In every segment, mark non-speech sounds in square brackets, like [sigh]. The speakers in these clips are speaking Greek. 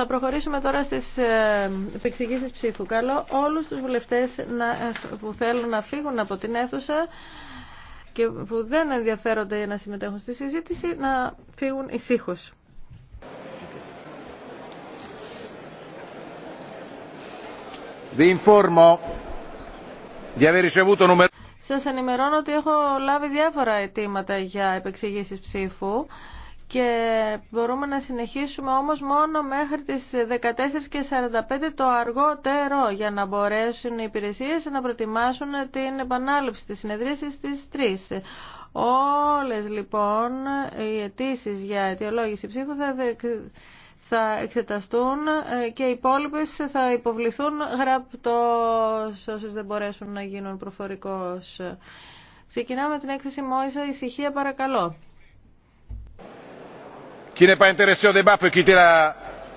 Θα προχωρήσουμε τώρα στις ε, επεξηγήσεις ψήφου. Καλώ όλους τους βουλευτές ε, που θέλουν να φύγουν από την αίθουσα και που δεν ενδιαφέρονται να συμμετέχουν στη συζήτηση να φύγουν ησύχως. Σας ενημερώνω ότι έχω λάβει διάφορα αιτήματα για επεξηγήσεις ψήφου και μπορούμε να συνεχίσουμε όμως μόνο μέχρι τις 14.45 το αργότερο για να μπορέσουν οι υπηρεσίες να προετοιμάσουν την επανάληψη της συνεδρίασης στις 3. Όλες λοιπόν οι αιτήσει για αιτιολόγηση ψήφου θα, θα εξεταστούν ε, και οι υπόλοιπε θα υποβληθούν γραπτός όσες δεν μπορέσουν να γίνουν προφορικός. Ξεκινάμε την έκθεση Μόησα. Ησυχία παρακαλώ.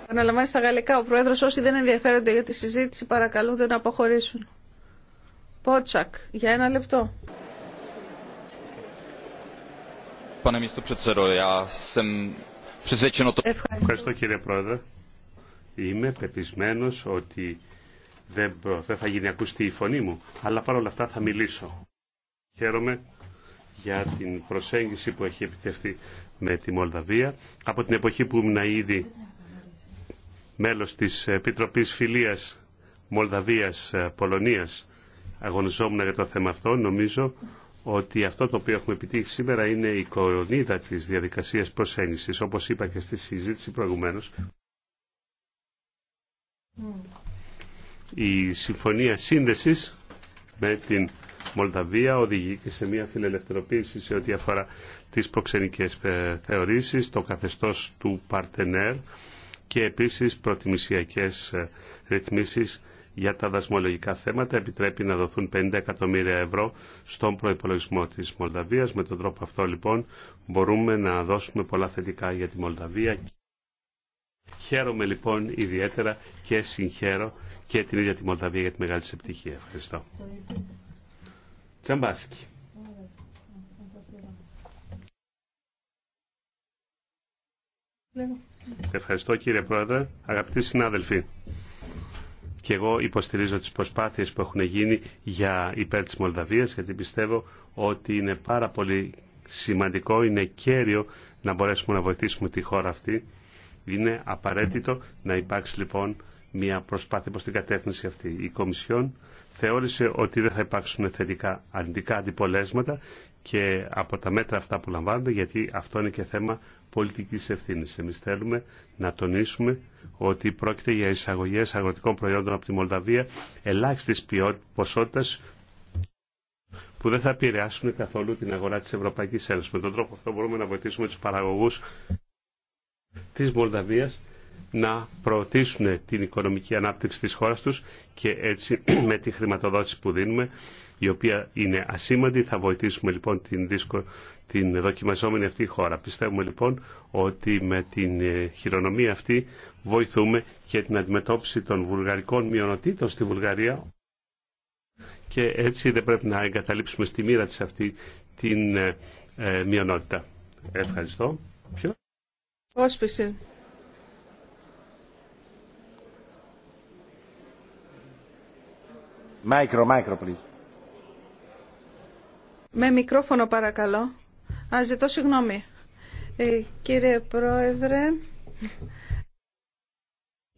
Αναλαμβάνει στα γαλλικά ο Πρόεδρος. Όσοι δεν ενδιαφέρονται για τη συζήτηση παρακαλούνται να αποχωρήσουν. Πότσακ, για ένα λεπτό. Ευχαριστώ κύριε Πρόεδρε. Είμαι πεπισμένος ότι δεν θα γίνει ακουστή η φωνή μου, αλλά παρόλα αυτά θα μιλήσω. Χαίρομαι για την προσέγγιση που έχει επιτευχθεί με τη Μολδαβία. Από την εποχή που ήμουν ήδη μέλος της Επιτροπής Φιλίας Μολδαβίας-Πολωνίας αγωνιζόμουν για το θέμα αυτό. Νομίζω ότι αυτό το οποίο έχουμε επιτύχει σήμερα είναι η κορονίδα της διαδικασίας προσέγγισης, όπως είπα και στη συζήτηση προηγουμένως. Mm. Η συμφωνία σύνδεσης με την Μολδαβία οδηγεί και σε μια φιλελευθερωποίηση σε ό,τι αφορά τις προξενικές ε, θεωρήσεις, το καθεστώς του παρτενέρ και επίσης προτιμησιακές ε, ρυθμίσεις για τα δασμολογικά θέματα επιτρέπει να δοθούν 50 εκατομμύρια ευρώ στον προϋπολογισμό της Μολδαβίας. Με τον τρόπο αυτό λοιπόν μπορούμε να δώσουμε πολλά θετικά για τη Μολδαβία. Χαίρομαι λοιπόν ιδιαίτερα και συγχαίρω και την ίδια τη Μολδαβία για τη μεγάλη επιτυχία. Ευχαριστώ. Τσαμπάσκι. Ευχαριστώ κύριε Πρόεδρε, αγαπητοί συνάδελφοι. Και εγώ υποστηρίζω τις προσπάθειες που έχουν γίνει για υπέρ της Μολδαβίας, γιατί πιστεύω ότι είναι πάρα πολύ σημαντικό, είναι κέριο να μπορέσουμε να βοηθήσουμε τη χώρα αυτή. Είναι απαραίτητο να υπάρξει λοιπόν μια προσπάθεια προς την κατεύθυνση αυτή. Η Κομισιόν θεώρησε ότι δεν θα υπάρξουν θετικά αρνητικά αντιπολέσματα και από τα μέτρα αυτά που λαμβάνονται, γιατί αυτό είναι και θέμα πολιτικής ευθύνης. Εμείς θέλουμε να τονίσουμε ότι πρόκειται για εισαγωγές αγροτικών προϊόντων από τη Μολδαβία ελάχιστης ποσότητας που δεν θα επηρεάσουν καθόλου την αγορά της Ευρωπαϊκής Ένωσης. Με τον τρόπο αυτό μπορούμε να βοηθήσουμε τους παραγωγούς της Μολδαβίας να προωθήσουν την οικονομική ανάπτυξη της χώρας τους και έτσι [clears throat] με τη χρηματοδότηση που δίνουμε η οποία είναι ασήμαντη. Θα βοηθήσουμε λοιπόν την, την δοκιμαζόμενη αυτή χώρα. Πιστεύουμε λοιπόν ότι με την ε, χειρονομία αυτή βοηθούμε και την αντιμετώπιση των βουλγαρικών μειονοτήτων στη Βουλγαρία και έτσι δεν πρέπει να εγκαταλείψουμε στη μοίρα της αυτή την ε, ε, μειονότητα. Ευχαριστώ. Με μικρόφωνο παρακαλώ. Α, ζητώ συγγνώμη. Ε, κύριε Πρόεδρε,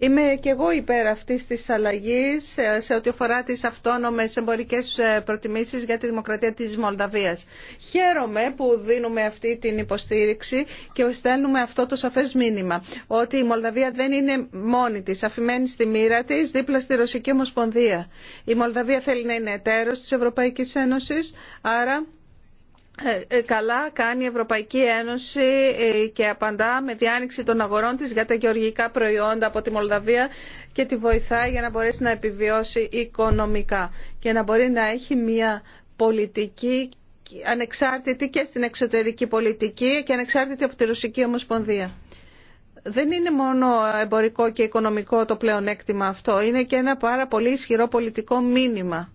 Είμαι και εγώ υπέρ αυτή τη αλλαγή ε, σε ό,τι αφορά τι αυτόνομε εμπορικέ ε, προτιμήσει για τη δημοκρατία τη Μολδαβία. Χαίρομαι που δίνουμε αυτή την υποστήριξη και στέλνουμε αυτό το σαφέ μήνυμα. Ότι η Μολδαβία δεν είναι μόνη τη, αφημένη στη μοίρα τη, δίπλα στη Ρωσική Ομοσπονδία. Η Μολδαβία θέλει να είναι εταίρο τη Ευρωπαϊκή Ένωση, άρα ε, ε, καλά κάνει η Ευρωπαϊκή Ένωση ε, και απαντά με διάνοιξη των αγορών της για τα γεωργικά προϊόντα από τη Μολδαβία και τη βοηθάει για να μπορέσει να επιβιώσει οικονομικά και να μπορεί να έχει μια πολιτική ανεξάρτητη και στην εξωτερική πολιτική και ανεξάρτητη από τη Ρωσική Ομοσπονδία. Δεν είναι μόνο εμπορικό και οικονομικό το πλεονέκτημα αυτό, είναι και ένα πάρα πολύ ισχυρό πολιτικό μήνυμα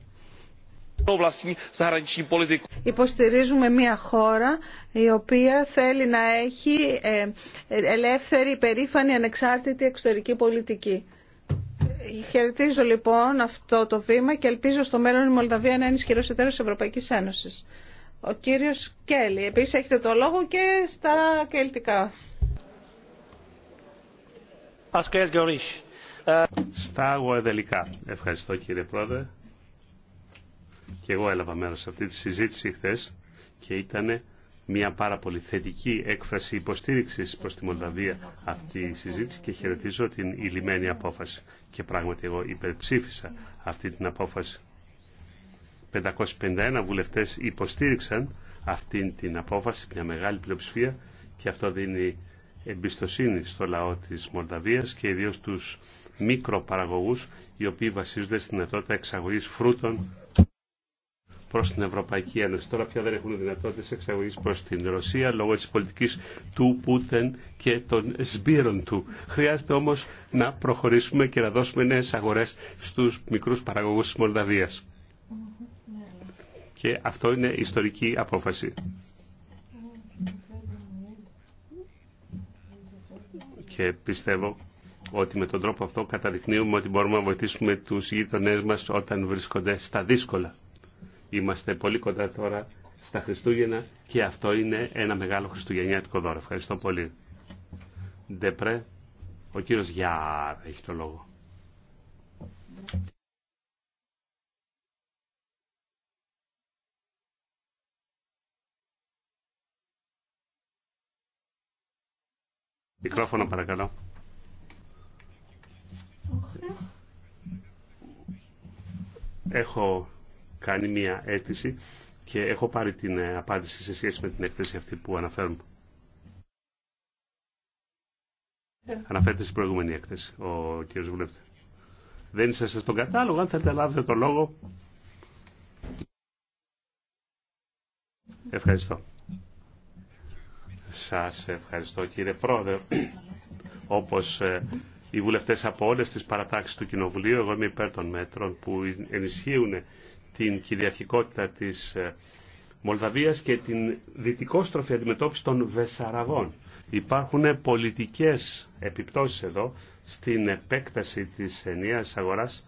Υποστηρίζουμε μια χώρα η οποία θέλει να έχει ε, ελεύθερη, περήφανη, ανεξάρτητη εξωτερική πολιτική. Χαιρετίζω λοιπόν αυτό το βήμα και ελπίζω στο μέλλον η Μολδαβία να είναι ισχυρό εταίρο τη Ευρωπαϊκή Ένωση. Ο κύριο Κέλλη. Επίση έχετε το λόγο και στα κελτικά. Ε, στα αγωεδελικά. Ευχαριστώ κύριε Πρόεδρε. Και εγώ έλαβα μέρος σε αυτή τη συζήτηση χθε και ήταν μια πάρα πολύ θετική έκφραση υποστήριξη προ τη Μολδαβία αυτή η συζήτηση και χαιρετίζω την ηλυμένη απόφαση. Και πράγματι εγώ υπερψήφισα αυτή την απόφαση. 551 βουλευτές υποστήριξαν αυτή την απόφαση, μια μεγάλη πλειοψηφία και αυτό δίνει εμπιστοσύνη στο λαό της Μολδαβίας και ιδίως τους μικροπαραγωγούς οι οποίοι βασίζονται στην δυνατότητα εξαγωγής φρούτων Προ την Ευρωπαϊκή Ένωση. Τώρα πια δεν έχουν δυνατότητες εξαγωγή προς την Ρωσία λόγω της πολιτικής του Πούτεν και των σμπύρων του. Χρειάζεται όμως να προχωρήσουμε και να δώσουμε νέες αγορές στους μικρούς παραγωγούς της Μολδαβίας. Και αυτό είναι ιστορική απόφαση. Και πιστεύω ότι με τον τρόπο αυτό καταδεικνύουμε ότι μπορούμε να βοηθήσουμε τους γείτονές μας όταν βρίσκονται στα δύσκολα. Είμαστε πολύ κοντά τώρα στα Χριστούγεννα και αυτό είναι ένα μεγάλο χριστουγεννιάτικο δώρο. Ευχαριστώ πολύ. Ντεπρέ, ο κύριος Γιάρ έχει το λόγο. Μικρόφωνο παρακαλώ. Έχω κάνει μια αίτηση και έχω πάρει την ε, απάντηση σε σχέση με την έκθεση αυτή που αναφέρουμε. Ναι. Αναφέρεται στην προηγούμενη έκθεση ο κ. Βουλευτή. Δεν είσαστε στον κατάλογο, αν θέλετε λάβετε το λόγο. Ευχαριστώ. Σας ευχαριστώ κύριε Πρόεδρε. Όπως ε, οι βουλευτές από όλες τις παρατάξεις του Κοινοβουλίου. Εγώ είμαι υπέρ των μέτρων που ενισχύουν την κυριαρχικότητα της ε, Μολδαβίας και την δυτικόστροφη αντιμετώπιση των Βεσαραβών. Υπάρχουν πολιτικές επιπτώσεις εδώ στην επέκταση της ενιαίας αγοράς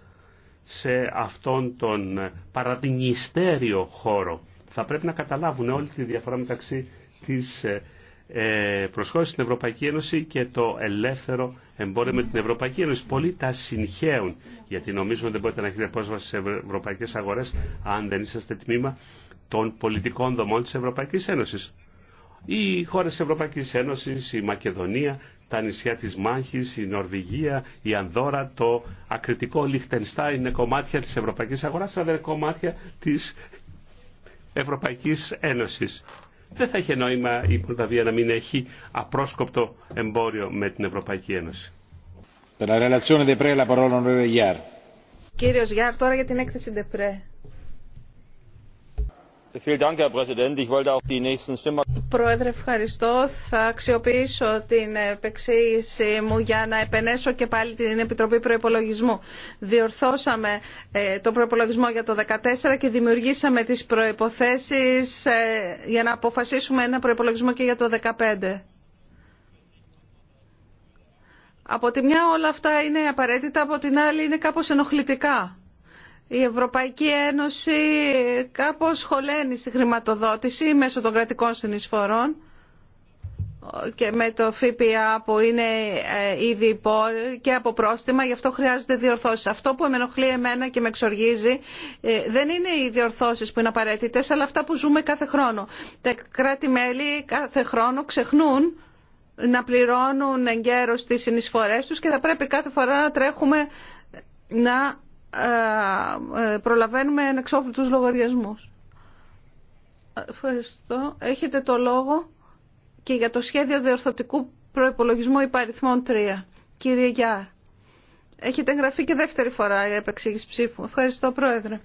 σε αυτόν τον παρατιμιστέριο χώρο. Θα πρέπει να καταλάβουν όλη τη διαφορά μεταξύ της ε, ε, προσχώρηση στην Ευρωπαϊκή Ένωση και το ελεύθερο εμπόριο με την Ευρωπαϊκή Ένωση. Πολλοί τα συγχαίουν γιατί νομίζουν ότι δεν μπορείτε να έχετε πρόσβαση σε Ευρωπαϊκέ Αγορέ, αν δεν είσαστε τμήμα των πολιτικών δομών τη Ευρωπαϊκή Ένωση. Οι χώρε τη Ευρωπαϊκή Ένωση, η Μακεδονία, τα νησιά τη Μάχη, η Νορβηγία, η Ανδόρα, το ακριτικό Λιχτενστάιν είναι κομμάτια τη Ευρωπαϊκή Αγορά, αλλά είναι κομμάτια τη Ευρωπαϊκή Ένωση δεν θα είχε νόημα η Μολδαβία να μην έχει απρόσκοπτο εμπόριο με την Ευρωπαϊκή Ένωση. Κύριος Γιάρ, τώρα για την έκθεση Ντεπρέ. Πρόεδρε, ευχαριστώ. Θα αξιοποιήσω την επεξήγηση μου για να επενέσω και πάλι την Επιτροπή Προπολογισμού. Διορθώσαμε ε, τον προπολογισμό για το 2014 και δημιουργήσαμε τις προϋποθέσεις ε, για να αποφασίσουμε ένα προπολογισμό και για το 2015. Από τη μια όλα αυτά είναι απαραίτητα, από την άλλη είναι κάπως ενοχλητικά η Ευρωπαϊκή Ένωση κάπως χωλαίνει στη χρηματοδότηση μέσω των κρατικών συνεισφορών και με το ΦΠΑ που είναι ε, ήδη υπόρρη και από πρόστιμα, γι' αυτό χρειάζονται διορθώσεις. Αυτό που με ενοχλεί εμένα και με εξοργίζει ε, δεν είναι οι διορθώσεις που είναι απαραίτητες, αλλά αυτά που ζούμε κάθε χρόνο. Τα κράτη-μέλη κάθε χρόνο ξεχνούν να πληρώνουν εγκαίρως τις συνεισφορές τους και θα πρέπει κάθε φορά να τρέχουμε να ε, ε, προλαβαίνουμε ανεξόφλητους λογαριασμούς. Ευχαριστώ. Έχετε το λόγο και για το σχέδιο διορθωτικού προϋπολογισμού υπαριθμών 3. Κύριε Γιάρ, έχετε εγγραφεί και δεύτερη φορά η επεξήγηση ψήφου. Ευχαριστώ, Πρόεδρε.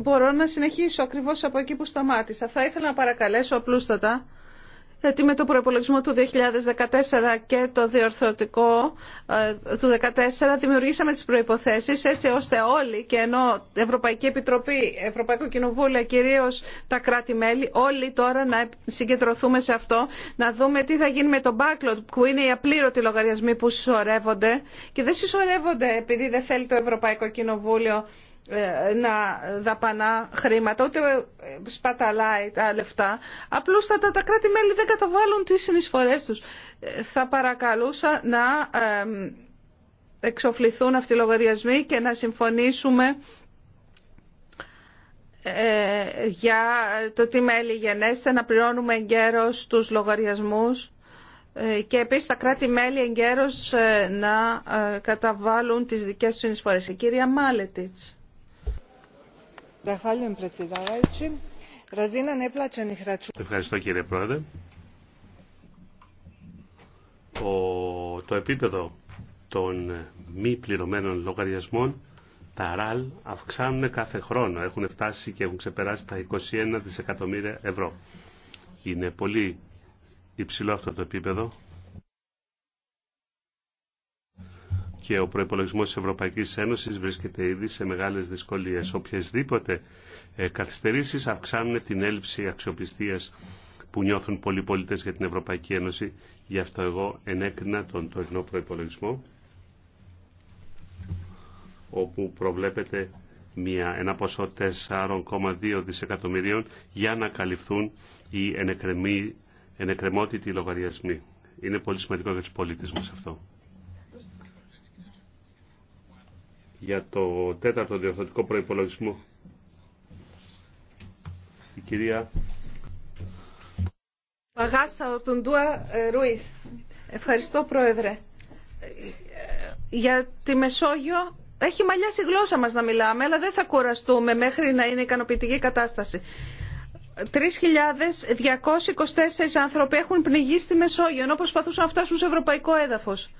Μπορώ να συνεχίσω ακριβώς από εκεί που σταμάτησα. Θα ήθελα να παρακαλέσω απλούστατα γιατί με το προπολογισμό του 2014 και το διορθωτικό ε, του 2014 δημιουργήσαμε τις προϋποθέσεις έτσι ώστε όλοι και ενώ Ευρωπαϊκή Επιτροπή, Ευρωπαϊκό Κοινοβούλιο, κυρίως τα κράτη-μέλη, όλοι τώρα να συγκεντρωθούμε σε αυτό, να δούμε τι θα γίνει με το backlog που είναι οι απλήρωτοι λογαριασμοί που συσσωρεύονται και δεν συσσωρεύονται επειδή δεν θέλει το Ευρωπαϊκό Κοινοβούλιο ε, να δαπανά χρήματα, ούτε σπαταλάει τα λεφτά. Απλούστατα τα κράτη-μέλη δεν καταβάλουν τις συνεισφορές τους. Ε, θα παρακαλούσα να εξοφληθούν αυτοί οι λογαριασμοί και να συμφωνήσουμε ε, για το τι μέλη γενέστε, να πληρώνουμε εγκαίρως τους λογαριασμούς και επίσης τα κράτη-μέλη εγκαίρως να καταβάλουν τις δικές τους συνεισφορές. Η κυρία Μάλετιτς. Ευχαριστώ κύριε Πρόεδρε. το επίπεδο των ε, μη πληρωμένων λογαριασμών, τα ΡΑΛ, αυξάνουν κάθε χρόνο. Έχουν φτάσει και έχουν ξεπεράσει τα 21 δισεκατομμύρια ευρώ. Είναι πολύ υψηλό αυτό το επίπεδο και ο προπολογισμό τη Ευρωπαϊκή Ένωση βρίσκεται ήδη σε μεγάλε δυσκολίε. Οποιασδήποτε ε, καθυστερήσει αυξάνουν την έλλειψη αξιοπιστία που νιώθουν πολλοί πολίτε για την Ευρωπαϊκή Ένωση. Γι' αυτό εγώ ενέκρινα τον τωρινό προπολογισμό, όπου προβλέπεται μια, ένα ποσό 4,2 δισεκατομμυρίων για να καλυφθούν οι ενεκρεμότητοι λογαριασμοί. Είναι πολύ σημαντικό για τους πολίτες μας αυτό. για το τέταρτο διορθωτικό προϋπολογισμό. Η κυρία... Παγάσα Ορτουντούα ε, Ρουίθ. Ευχαριστώ Πρόεδρε. Για τη Μεσόγειο έχει μαλλιάσει η γλώσσα μας να μιλάμε, αλλά δεν θα κουραστούμε μέχρι να είναι ικανοποιητική κατάσταση. 3.224 άνθρωποι έχουν πνιγεί στη Μεσόγειο, ενώ προσπαθούσαν να φτάσουν σε ευρωπαϊκό έδαφος.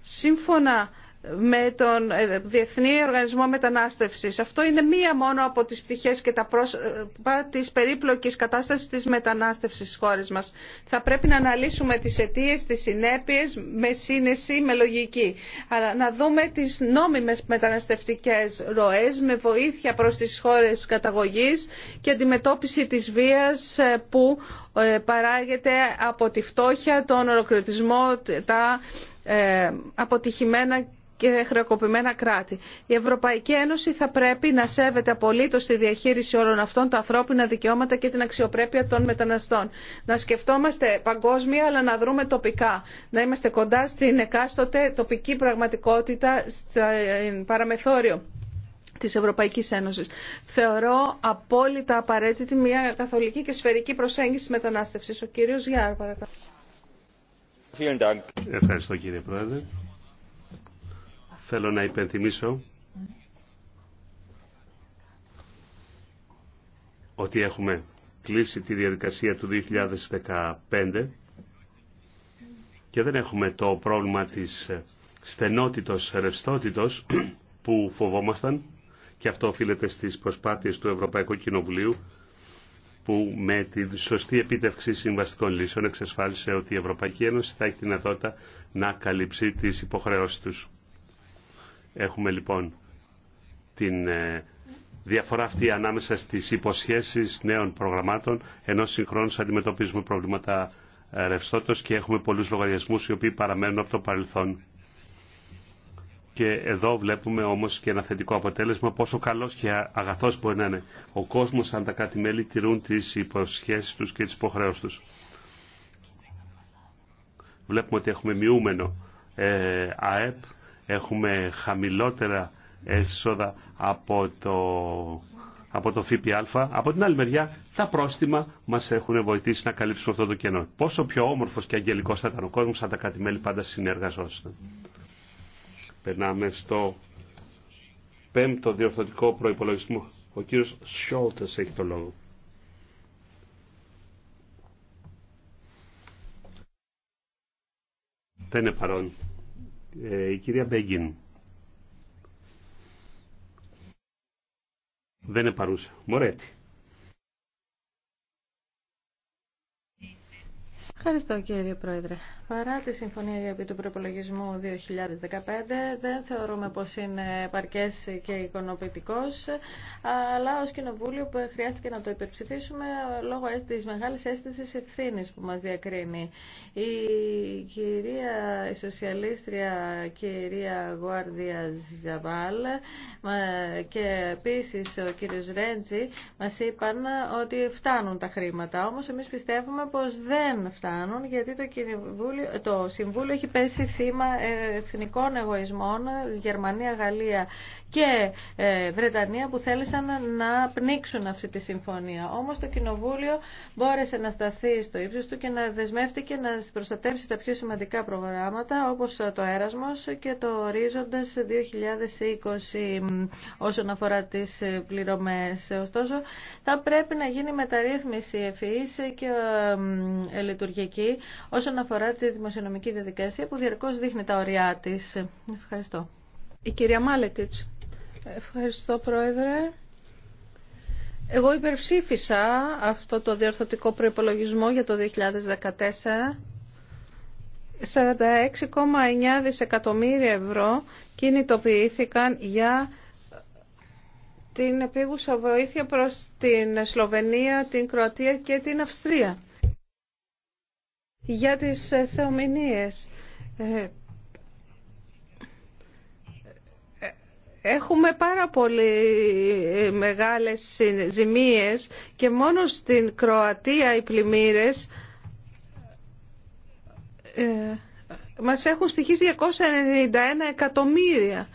Σύμφωνα με τον ε, Διεθνή Οργανισμό Μετανάστευσης. Αυτό είναι μία μόνο από τις πτυχές και τα πρόσωπα της περίπλοκης κατάστασης της μετανάστευσης στις χώρες μας. Θα πρέπει να αναλύσουμε τις αιτίες, τις συνέπειες με σύνεση, με λογική. Αλλά να δούμε τις νόμιμες μεταναστευτικές ροές με βοήθεια προς τις χώρες καταγωγής και αντιμετώπιση της βίας ε, που ε, παράγεται από τη φτώχεια, τον ολοκληρωτισμό, τα αποτυχημένα και χρεοκοπημένα κράτη. Η Ευρωπαϊκή Ένωση θα πρέπει να σέβεται απολύτω τη διαχείριση όλων αυτών, τα ανθρώπινα δικαιώματα και την αξιοπρέπεια των μεταναστών. Να σκεφτόμαστε παγκόσμια αλλά να δρούμε τοπικά. Να είμαστε κοντά στην εκάστοτε τοπική πραγματικότητα, στην παραμεθόριο της Ευρωπαϊκής Ένωσης. Θεωρώ απόλυτα απαραίτητη μια καθολική και σφαιρική προσέγγιση μετανάστευσης. Ο κύριος Γιάρ, παρακαλώ. Ευχαριστώ κύριε Πρόεδρε. Θέλω να υπενθυμίσω ότι έχουμε κλείσει τη διαδικασία του 2015 και δεν έχουμε το πρόβλημα της στενότητος ρευστότητος που φοβόμασταν και αυτό οφείλεται στις προσπάθειες του Ευρωπαϊκού Κοινοβουλίου που με τη σωστή επίτευξη συμβαστικών λύσεων εξασφάλισε ότι η Ευρωπαϊκή Ένωση θα έχει τη δυνατότητα να καλύψει τις υποχρεώσεις τους. Έχουμε λοιπόν την ε, διαφορά αυτή ανάμεσα στις υποσχέσεις νέων προγραμμάτων, ενώ συγχρόνως αντιμετωπίζουμε προβλήματα ρευστότητας και έχουμε πολλούς λογαριασμούς οι οποίοι παραμένουν από το παρελθόν. Και εδώ βλέπουμε όμως και ένα θετικό αποτέλεσμα πόσο καλός και αγαθός μπορεί να είναι ο κόσμος αν τα κάτι μέλη τηρούν τις υποσχέσεις τους και τις υποχρεώσεις τους. Βλέπουμε ότι έχουμε μειούμενο ε, ΑΕΠ έχουμε χαμηλότερα έσοδα από το, από το ΦΠΑ. Από την άλλη μεριά, τα πρόστιμα μα έχουν βοηθήσει να καλύψουμε αυτό το κενό. Πόσο πιο όμορφο και αγγελικό θα ήταν ο κόσμο αν τα κατημέλη πάντα συνεργαζόταν. Περνάμε στο πέμπτο διορθωτικό προπολογισμό. Ο κύριος Σόλτες έχει το λόγο. Δεν είναι παρόν. Ε, η κυρία Μπέγκιν. Δεν είναι παρούσα. Μωρέτη. Ευχαριστώ κύριε Πρόεδρε. Παρά τη συμφωνία για του προπολογισμού 2015 δεν θεωρούμε πως είναι επαρκές και εικονοποιητικός αλλά ως κοινοβούλιο που χρειάστηκε να το υπερψηφίσουμε λόγω της μεγάλης αίσθησης ευθύνη που μας διακρίνει. Η κυρία η σοσιαλίστρια κυρία Γουάρδια Ζαβάλ και επίση ο κύριος Ρέντζη μας είπαν ότι φτάνουν τα χρήματα. Όμως εμείς πιστεύουμε πω δεν φτάνουν γιατί το, το Συμβούλιο έχει πέσει θύμα ε, εθνικών εγωισμών Γερμανία, Γαλλία και ε, Βρετανία που θέλησαν να πνίξουν αυτή τη συμφωνία. Όμως το Κοινοβούλιο μπόρεσε να σταθεί στο ύψος του και να δεσμεύτηκε να προστατεύσει τα πιο σημαντικά προγράμματα όπως ε, το Έρασμος και το Ορίζοντας 2020 όσον αφορά τις πληρωμές. Ωστόσο θα πρέπει να γίνει μεταρρύθμιση ευφυής και λειτουργική όσον αφορά τη δημοσιονομική διαδικασία που διαρκώς δείχνει τα ωριά της. Ευχαριστώ. Η κυρία Μάλετιτς. Ευχαριστώ Πρόεδρε. Εγώ υπερψήφισα αυτό το διορθωτικό προϋπολογισμό για το 2014 46,9 δισεκατομμύρια ευρώ κινητοποιήθηκαν για την επίγουσα βοήθεια προς την Σλοβενία, την Κροατία και την Αυστρία για τις ε, θεομηνίες. Ε, ε, έχουμε πάρα πολύ μεγάλες ζημίες και μόνο στην Κροατία οι πλημμύρες μας έχουν στοιχείς 291 εκατομμύρια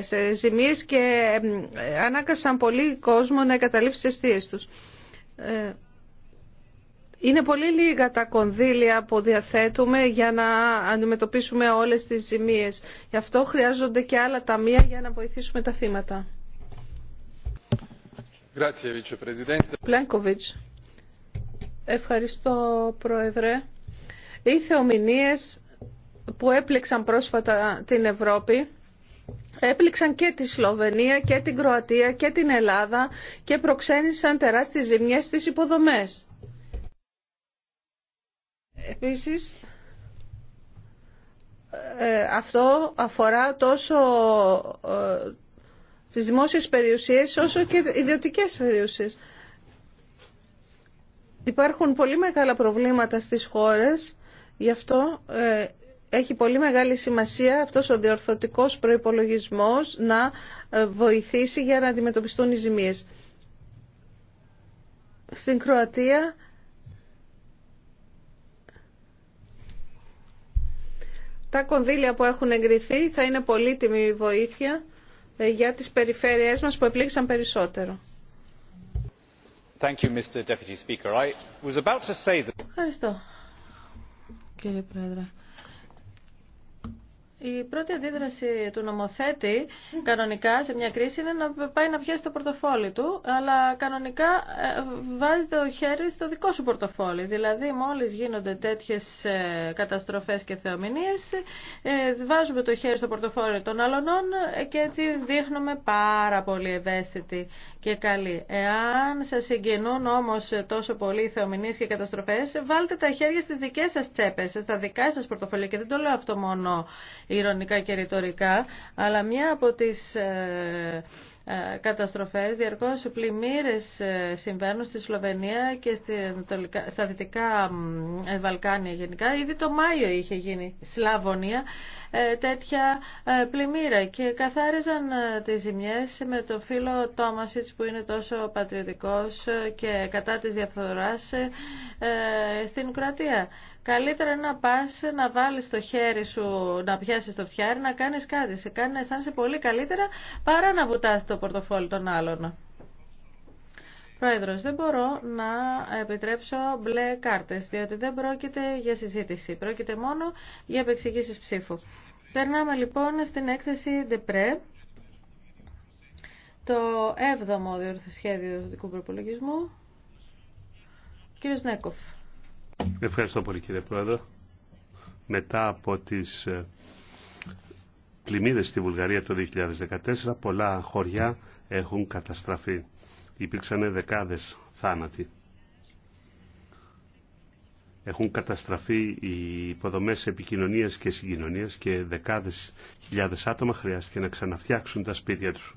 σε ζημίες και ανάγκασαν πολύ κόσμο να εγκαταλείψει τις αιστείες τους. Είναι πολύ λίγα τα κονδύλια που διαθέτουμε για να αντιμετωπίσουμε όλες τις ζημίες. Γι' αυτό χρειάζονται και άλλα ταμεία για να βοηθήσουμε τα θύματα. Πλένκοβιτς. Ευχαριστώ, Πρόεδρε. Οι θεομηνίες που έπληξαν πρόσφατα την Ευρώπη έπληξαν και τη Σλοβενία και την Κροατία και την Ελλάδα και προξένησαν τεράστιες ζημιές στις υποδομές. Επίσης, ε, αυτό αφορά τόσο ε, τις δημόσιες περιουσίες όσο και ιδιωτικές περιουσίες. Υπάρχουν πολύ μεγάλα προβλήματα στις χώρες, γι' αυτό ε, έχει πολύ μεγάλη σημασία αυτός ο διορθωτικός προϋπολογισμός να βοηθήσει για να αντιμετωπιστούν οι ζημίες. Στην Κροατία τα κονδύλια που έχουν εγκριθεί θα είναι πολύτιμη βοήθεια ε, για τις περιφέρειές μας που επλήξαν περισσότερο. Thank you, Mr. Deputy Speaker. I Ευχαριστώ, κύριε Πρόεδρε. Η πρώτη αντίδραση του νομοθέτη κανονικά σε μια κρίση είναι να πάει να πιάσει το πορτοφόλι του, αλλά κανονικά ε, βάζει το χέρι στο δικό σου πορτοφόλι. Δηλαδή, μόλις γίνονται τέτοιες ε, καταστροφές και θεομηνίες, ε, βάζουμε το χέρι στο πορτοφόλι των αλλωνών και έτσι δείχνουμε πάρα πολύ ευαίσθητοι και καλοί. Εάν σας συγκινούν όμως τόσο πολύ οι θεομηνίες και οι καταστροφές, βάλτε τα χέρια στις δικές σας τσέπες, στα δικά σας πορτοφόλια και δεν το λέω αυτό μόνο ηρωνικά και ρητορικά, αλλά μια από τις ε, ε, καταστροφές, διαρκώς πλημμύρες ε, συμβαίνουν στη Σλοβενία και στα Δυτικά Βαλκάνια γενικά. Ήδη το Μάιο είχε γίνει Σλαβωνία τέτοια πλημμύρα και καθάριζαν τις ζημιές με το φίλο Τόμασιτς που είναι τόσο πατριωτικός και κατά της διαφθοράς στην Κροατία. Καλύτερα να πα να βάλεις το χέρι σου, να πιάσει το φτιάρι, να κάνεις κάτι. Σε κάνει να αισθάνεσαι πολύ καλύτερα παρά να βουτάς το πορτοφόλι των άλλων. Πρόεδρος, δεν μπορώ να επιτρέψω μπλε κάρτες, διότι δεν πρόκειται για συζήτηση. Πρόκειται μόνο για επεξηγήσει ψήφου. Περνάμε λοιπόν στην έκθεση Δεπρέ. το 7ο διορθωσχέδιο του δικού προπολογισμού. Κύριος Νέκοφ. Ευχαριστώ πολύ κύριε Πρόεδρο. Μετά από τις ε, πλημμύρες στη Βουλγαρία το 2014 πολλά χωριά έχουν καταστραφεί. Υπήρξαν δεκάδες θάνατοι. Έχουν καταστραφεί οι υποδομές επικοινωνίας και συγκοινωνίας και δεκάδες χιλιάδες άτομα χρειάστηκε να ξαναφτιάξουν τα σπίτια τους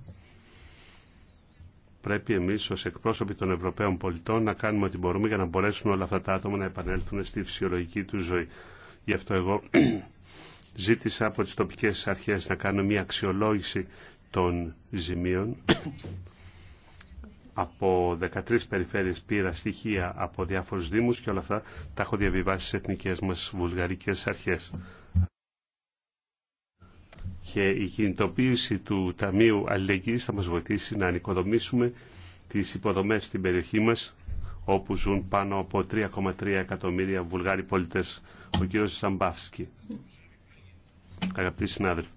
πρέπει εμείς ως εκπρόσωποι των Ευρωπαίων πολιτών να κάνουμε ό,τι μπορούμε για να μπορέσουν όλα αυτά τα άτομα να επανέλθουν στη φυσιολογική του ζωή. Γι' αυτό εγώ [clears throat] ζήτησα από τις τοπικές αρχές να κάνω μια αξιολόγηση των ζημίων. [clears throat] από 13 περιφέρειες πήρα στοιχεία από διάφορους δήμους και όλα αυτά τα έχω διαβιβάσει στις εθνικές μας βουλγαρικές αρχές και η κινητοποίηση του Ταμείου Αλληλεγγύης θα μας βοηθήσει να ανοικοδομήσουμε τις υποδομές στην περιοχή μας όπου ζουν πάνω από 3,3 εκατομμύρια Βουλγάροι πολίτες, ο κ. Σαμπάφσκι. Αγαπητοί συνάδελφοι,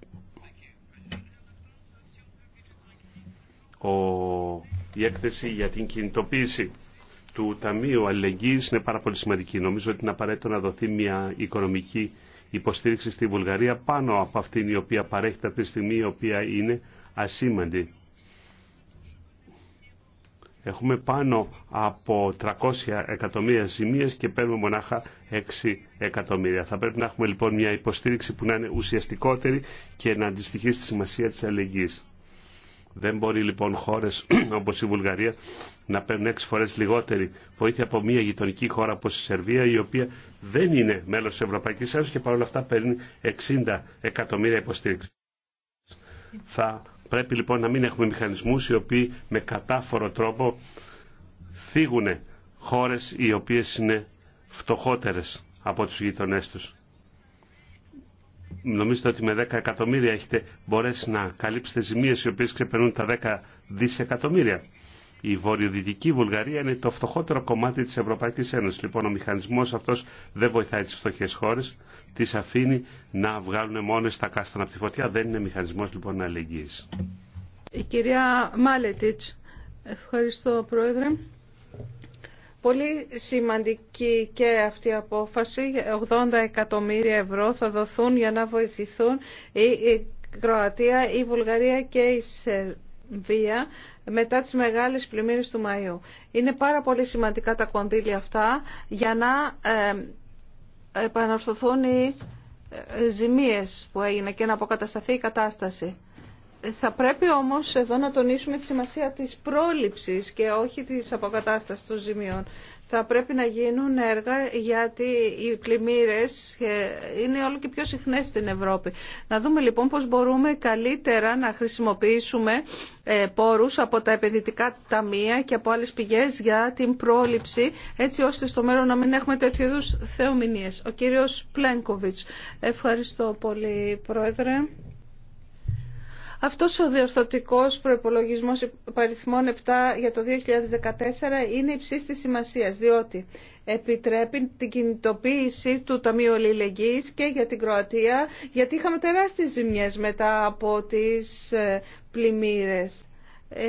ο... η έκθεση για την κινητοποίηση του Ταμείου Αλληλεγγύης είναι πάρα πολύ σημαντική. Νομίζω ότι είναι απαραίτητο να δοθεί μια οικονομική υποστήριξη στη Βουλγαρία πάνω από αυτήν η οποία παρέχεται αυτή τη στιγμή, η οποία είναι ασήμαντη. Έχουμε πάνω από 300 εκατομμύρια ζημίες και παίρνουμε μονάχα 6 εκατομμύρια. Θα πρέπει να έχουμε λοιπόν μια υποστήριξη που να είναι ουσιαστικότερη και να αντιστοιχεί στη σημασία της αλληλεγγύης. Δεν μπορεί λοιπόν χώρες [clears throat] όπως η Βουλγαρία να παίρνουν έξι φορέ λιγότερη βοήθεια από μια γειτονική χώρα όπως η Σερβία η οποία δεν είναι μέλος τη Ευρωπαϊκής Ένωσης και παρόλα αυτά παίρνει 60 εκατομμύρια υποστήριξη. Θα πρέπει λοιπόν να μην έχουμε μηχανισμούς οι οποίοι με κατάφορο τρόπο θίγουν χώρε οι οποίε είναι φτωχότερε από του γειτονέ του. Νομίζετε ότι με 10 εκατομμύρια έχετε μπορέσει να καλύψετε ζημίες οι οποίες ξεπερνούν τα 10 δισεκατομμύρια. Η βορειοδυτική Βουλγαρία είναι το φτωχότερο κομμάτι της Ευρωπαϊκής Ένωσης. Λοιπόν, ο μηχανισμός αυτός δεν βοηθάει τις φτωχές χώρες, τις αφήνει να βγάλουν μόνες τα κάστανα από τη φωτιά. Δεν είναι μηχανισμός λοιπόν αλληλεγγύης. Η κυρία Μάλετιτς. Ευχαριστώ, Πρόεδρε. Πολύ σημαντική και αυτή η απόφαση, 80 εκατομμύρια ευρώ θα δοθούν για να βοηθηθούν η Κροατία, η Βουλγαρία και η Σερβία μετά τις μεγάλες πλημμύρες του Μαΐου. Είναι πάρα πολύ σημαντικά τα κονδύλια αυτά για να ε, επαναρθωθούν οι ε, ζημίες που έγινε και να αποκατασταθεί η κατάσταση. Θα πρέπει όμως εδώ να τονίσουμε τη σημασία της πρόληψης και όχι της αποκατάστασης των ζημιών. Θα πρέπει να γίνουν έργα γιατί οι πλημμύρες είναι όλο και πιο συχνές στην Ευρώπη. Να δούμε λοιπόν πώς μπορούμε καλύτερα να χρησιμοποιήσουμε ε, πόρους από τα επενδυτικά ταμεία και από άλλες πηγές για την πρόληψη έτσι ώστε στο μέλλον να μην έχουμε τέτοιου είδους θεομηνίες. Ο κύριος Πλένκοβιτς. Ευχαριστώ πολύ Πρόεδρε. Αυτό ο διορθωτικός προπολογισμό παριθμών 7 για το 2014 είναι υψής της σημασίας, διότι επιτρέπει την κινητοποίηση του Ταμείου Αλληλεγγύης και για την Κροατία, γιατί είχαμε τεράστιες ζημιές μετά από τις ε, πλημμύρες. Ε,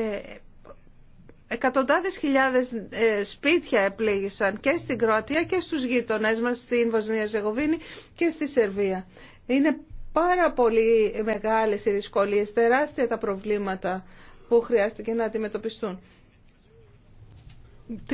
εκατοντάδες χιλιάδες ε, σπίτια επλήγησαν και στην Κροατία και στους γείτονές μας, στην Βοσνία Ζεγοβίνη και στη Σερβία. Είναι πάρα πολύ μεγάλες οι δυσκολίες, τεράστια τα προβλήματα που χρειάστηκε να αντιμετωπιστούν. 300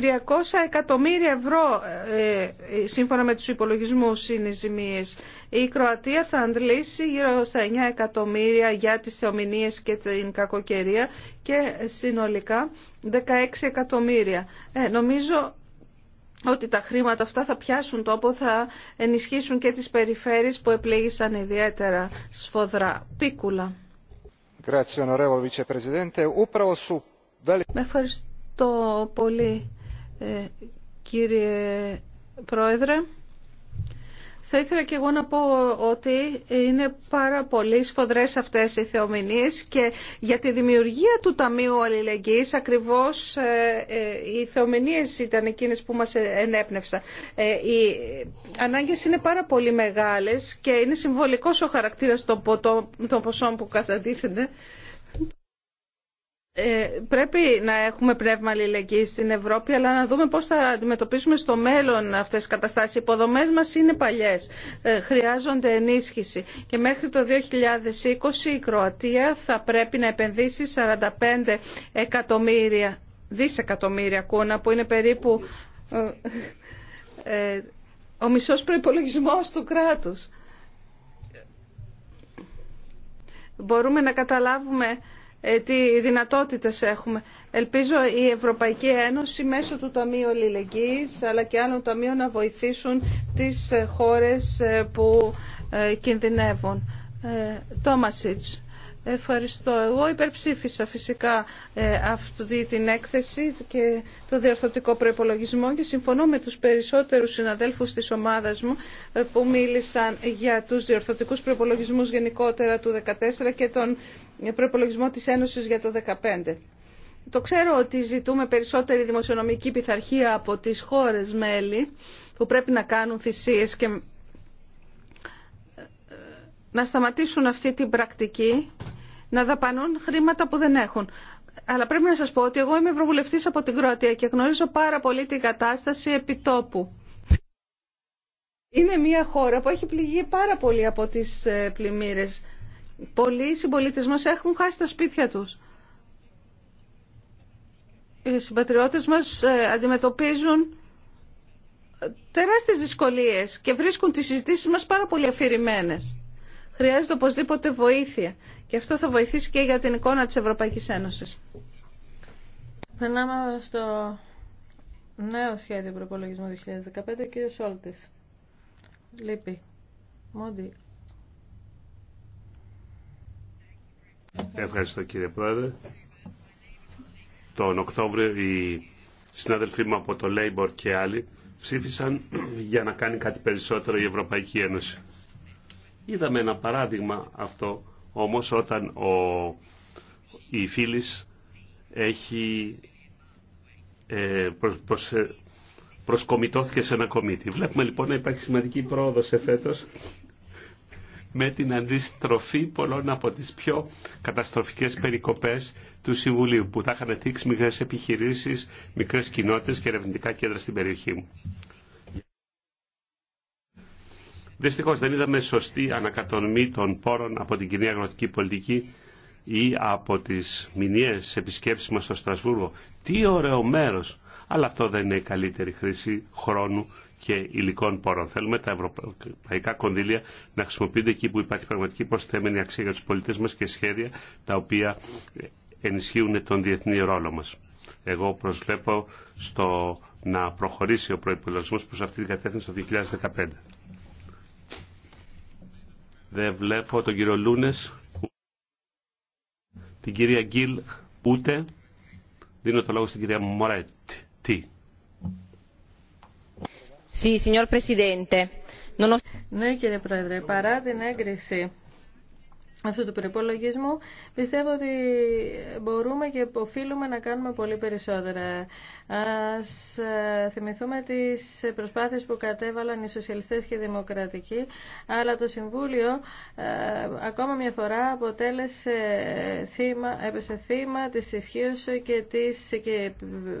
εκατομμύρια ευρώ ε, ε, σύμφωνα με τους υπολογισμούς είναι οι ζημίες. Η Κροατία θα αντλήσει γύρω στα 9 εκατομμύρια για τις ομινίες και την κακοκαιρία και συνολικά 16 εκατομμύρια. Ε, νομίζω ότι τα χρήματα αυτά θα πιάσουν τόπο, θα ενισχύσουν και τις περιφέρειες που επλήγησαν ιδιαίτερα σφοδρά. Πίκουλα. Με ευχαριστώ πολύ ε, κύριε Πρόεδρε. Θα ήθελα και εγώ να πω ότι είναι πάρα πολύ σφοδρές αυτές οι θεομηνίες και για τη δημιουργία του Ταμείου Αλληλεγγύης ακριβώς ε, ε, οι θεομηνίες ήταν εκείνες που μας ενέπνευσαν. Ε, οι ανάγκες είναι πάρα πολύ μεγάλες και είναι συμβολικό ο χαρακτήρας των ποσών που κατατίθεται. Ε, πρέπει να έχουμε πνεύμα αλληλεγγύη στην Ευρώπη, αλλά να δούμε πώς θα αντιμετωπίσουμε στο μέλλον αυτές τις καταστάσεις. Οι υποδομές μας είναι παλιές, ε, χρειάζονται ενίσχυση και μέχρι το 2020 η Κροατία θα πρέπει να επενδύσει 45 εκατομμύρια, δισεκατομμύρια κούνα, που είναι περίπου ε, ε, ο μισός προϋπολογισμός του κράτους. Μπορούμε να καταλάβουμε ε, τι δυνατότητες έχουμε. Ελπίζω η Ευρωπαϊκή Ένωση μέσω του Ταμείου Αλληλεγγύης αλλά και άλλων ταμείων να βοηθήσουν τις χώρες ε, που ε, κινδυνεύουν. Τόμασιτς. Ευχαριστώ. Εγώ υπερψήφισα φυσικά ε, αυτή την έκθεση και το διορθωτικό προπολογισμό και συμφωνώ με τους περισσότερους συναδέλφους της ομάδας μου ε, που μίλησαν για τους διορθωτικούς προπολογισμούς γενικότερα του 2014 και τον ε, προπολογισμό της Ένωσης για το 2015. Το ξέρω ότι ζητούμε περισσότερη δημοσιονομική πειθαρχία από τις χώρες μέλη που πρέπει να κάνουν θυσίες και να σταματήσουν αυτή την πρακτική να δαπανούν χρήματα που δεν έχουν. Αλλά πρέπει να σας πω ότι εγώ είμαι ευρωβουλευτής από την Κροατία και γνωρίζω πάρα πολύ την κατάσταση επιτόπου. Είναι μια χώρα που έχει πληγεί πάρα πολύ από τις ε, πλημμύρες. Πολλοί συμπολίτε μας έχουν χάσει τα σπίτια τους. Οι συμπατριώτες μας ε, αντιμετωπίζουν ε, τεράστιες δυσκολίες και βρίσκουν τις συζητήσεις μας πάρα πολύ αφηρημένες χρειάζεται οπωσδήποτε βοήθεια. Και αυτό θα βοηθήσει και για την εικόνα της Ευρωπαϊκής Ένωσης. Περνάμε στο νέο σχέδιο προπολογισμού 2015, ο κύριο Σόλτης. Λείπει. Μόντι. Ευχαριστώ κύριε Πρόεδρε. Τον Οκτώβριο οι συνάδελφοί μου από το Labour και άλλοι ψήφισαν για να κάνει κάτι περισσότερο η Ευρωπαϊκή Ένωση. Είδαμε ένα παράδειγμα αυτό όμως όταν ο, η Φίλης έχει ε, ε, προσκομιτώθηκε σε ένα κομίτι. Βλέπουμε λοιπόν να υπάρχει σημαντική πρόοδος εφέτος με την αντιστροφή πολλών από τις πιο καταστροφικές περικοπές του Συμβουλίου που θα είχαν θίξει μικρές επιχειρήσεις, μικρές κοινότητες και ερευνητικά κέντρα στην περιοχή μου. Δυστυχώ δεν είδαμε σωστή ανακατονομή των πόρων από την κοινή αγροτική πολιτική ή από τι μηνιαίε επισκέψει μα στο Στρασβούργο. Τι ωραίο μέρο, Αλλά αυτό δεν είναι η καλύτερη χρήση χρόνου και υλικών πόρων. Θέλουμε τα ευρωπαϊκά κονδύλια να χρησιμοποιούνται εκεί που υπάρχει πραγματική προσθέμενη αξία για του πολιτέ μα και σχέδια τα οποία ενισχύουν τον διεθνή ρόλο μα. Εγώ προσβλέπω στο να προχωρήσει ο προϋπολογισμός προς αυτή την κατεύθυνση το 2015. Δεν βλέπω τον κύριο Λούνες, την κυρία Γκίλ ούτε. Δίνω το λόγο στην κυρία Μωράτη. Ναι κύριε Πρόεδρε, παρά την έγκριση αυτού του προπολογισμού, πιστεύω ότι μπορούμε και οφείλουμε να κάνουμε πολύ περισσότερα. Ας ε, θυμηθούμε τις προσπάθειες που κατέβαλαν οι σοσιαλιστές και οι δημοκρατικοί, αλλά το Συμβούλιο ε, ακόμα μια φορά αποτέλεσε θύμα, έπεσε θύμα της ισχύω και της και,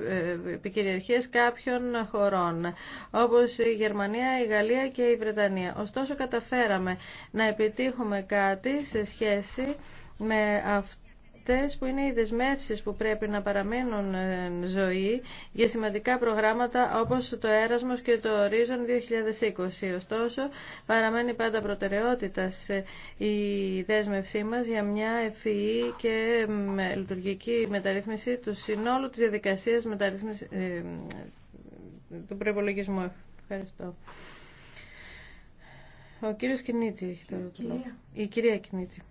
ε, επικυριαρχίας κάποιων χωρών, όπως η Γερμανία, η Γαλλία και η Βρετανία. Ωστόσο καταφέραμε να επιτύχουμε κάτι σε σχέση με αυτές που είναι οι δεσμεύσεις που πρέπει να παραμένουν ε, ζωή για σημαντικά προγράμματα όπως το Έρασμος και το ορίζον 2020. Ωστόσο, παραμένει πάντα προτεραιότητα η δέσμευσή μας για μια ευφυή και λειτουργική μεταρρύθμιση του συνόλου της διαδικασίας μεταρρύθμισης ε, του προϋπολογισμού. Ευχαριστώ. Ο κύριος Κινίτσι έχει τώρα το λόγο. Η κυρία Κινίτσι.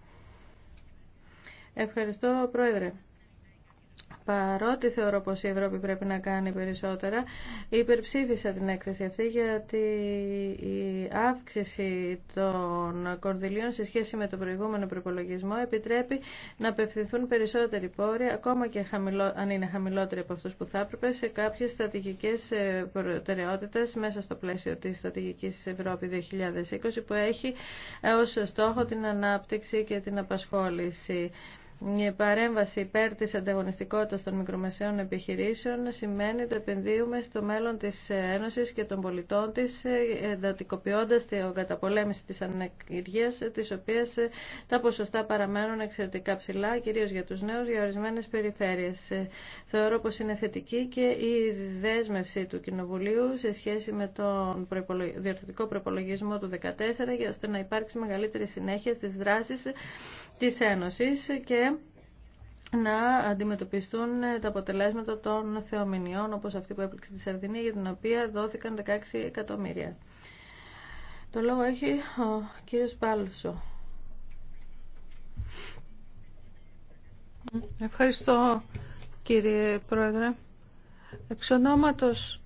Ευχαριστώ, Πρόεδρε. Παρότι θεωρώ πως η Ευρώπη πρέπει να κάνει περισσότερα, υπερψήφισα την έκθεση αυτή γιατί η αύξηση των κορδιλίων σε σχέση με τον προηγούμενο προπολογισμό επιτρέπει να απευθυνθούν περισσότεροι πόροι, ακόμα και χαμηλό, αν είναι χαμηλότεροι από αυτούς που θα έπρεπε, σε κάποιες στρατηγικές ε, προτεραιότητες μέσα στο πλαίσιο της στρατηγικής Ευρώπη 2020 που έχει ε, ως στόχο την ανάπτυξη και την απασχόληση. Η παρέμβαση υπέρ της ανταγωνιστικότητας των μικρομεσαίων επιχειρήσεων σημαίνει ότι επενδύουμε στο μέλλον της Ένωσης και των πολιτών της, εντατικοποιώντας την καταπολέμηση της ανεργίας, της οποίας τα ποσοστά παραμένουν εξαιρετικά ψηλά, κυρίως για τους νέους, για ορισμένες περιφέρειες. Θεωρώ πως είναι θετική και η δέσμευση του Κοινοβουλίου σε σχέση με τον διορθωτικό προπολογισμό του 2014, ώστε να υπάρξει μεγαλύτερη συνέχεια στις δράσεις της Ένωσης και να αντιμετωπιστούν τα αποτελέσματα των θεομηνιών όπως αυτή που έπληξε τη Σαρδινή, για την οποία δόθηκαν 16 εκατομμύρια. Το λόγο έχει ο κύριος Πάλσο. Ευχαριστώ κύριε Πρόεδρε. Εξ ονόματος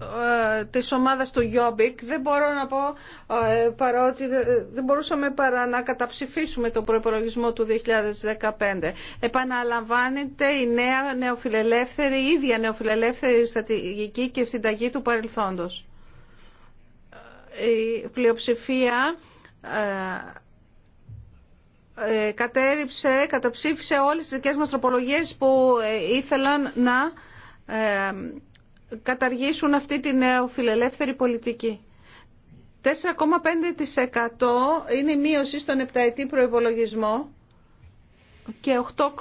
ε, της ομάδας του Γιόμπικ δεν μπορώ να πω ε, δεν μπορούσαμε παρά να καταψηφίσουμε τον προπολογισμό του 2015. Επαναλαμβάνεται η νέα νεοφιλελεύθερη, η ίδια νεοφιλελεύθερη στρατηγική και συνταγή του παρελθόντος. Ε, η πλειοψηφία κατέριψε, καταψήφισε όλες τις δικές μας τροπολογίες που ήθελαν να καταργήσουν αυτή τη νεοφιλελεύθερη πολιτική. 4,5% είναι η μείωση στον επταετή προϋπολογισμό και 8,4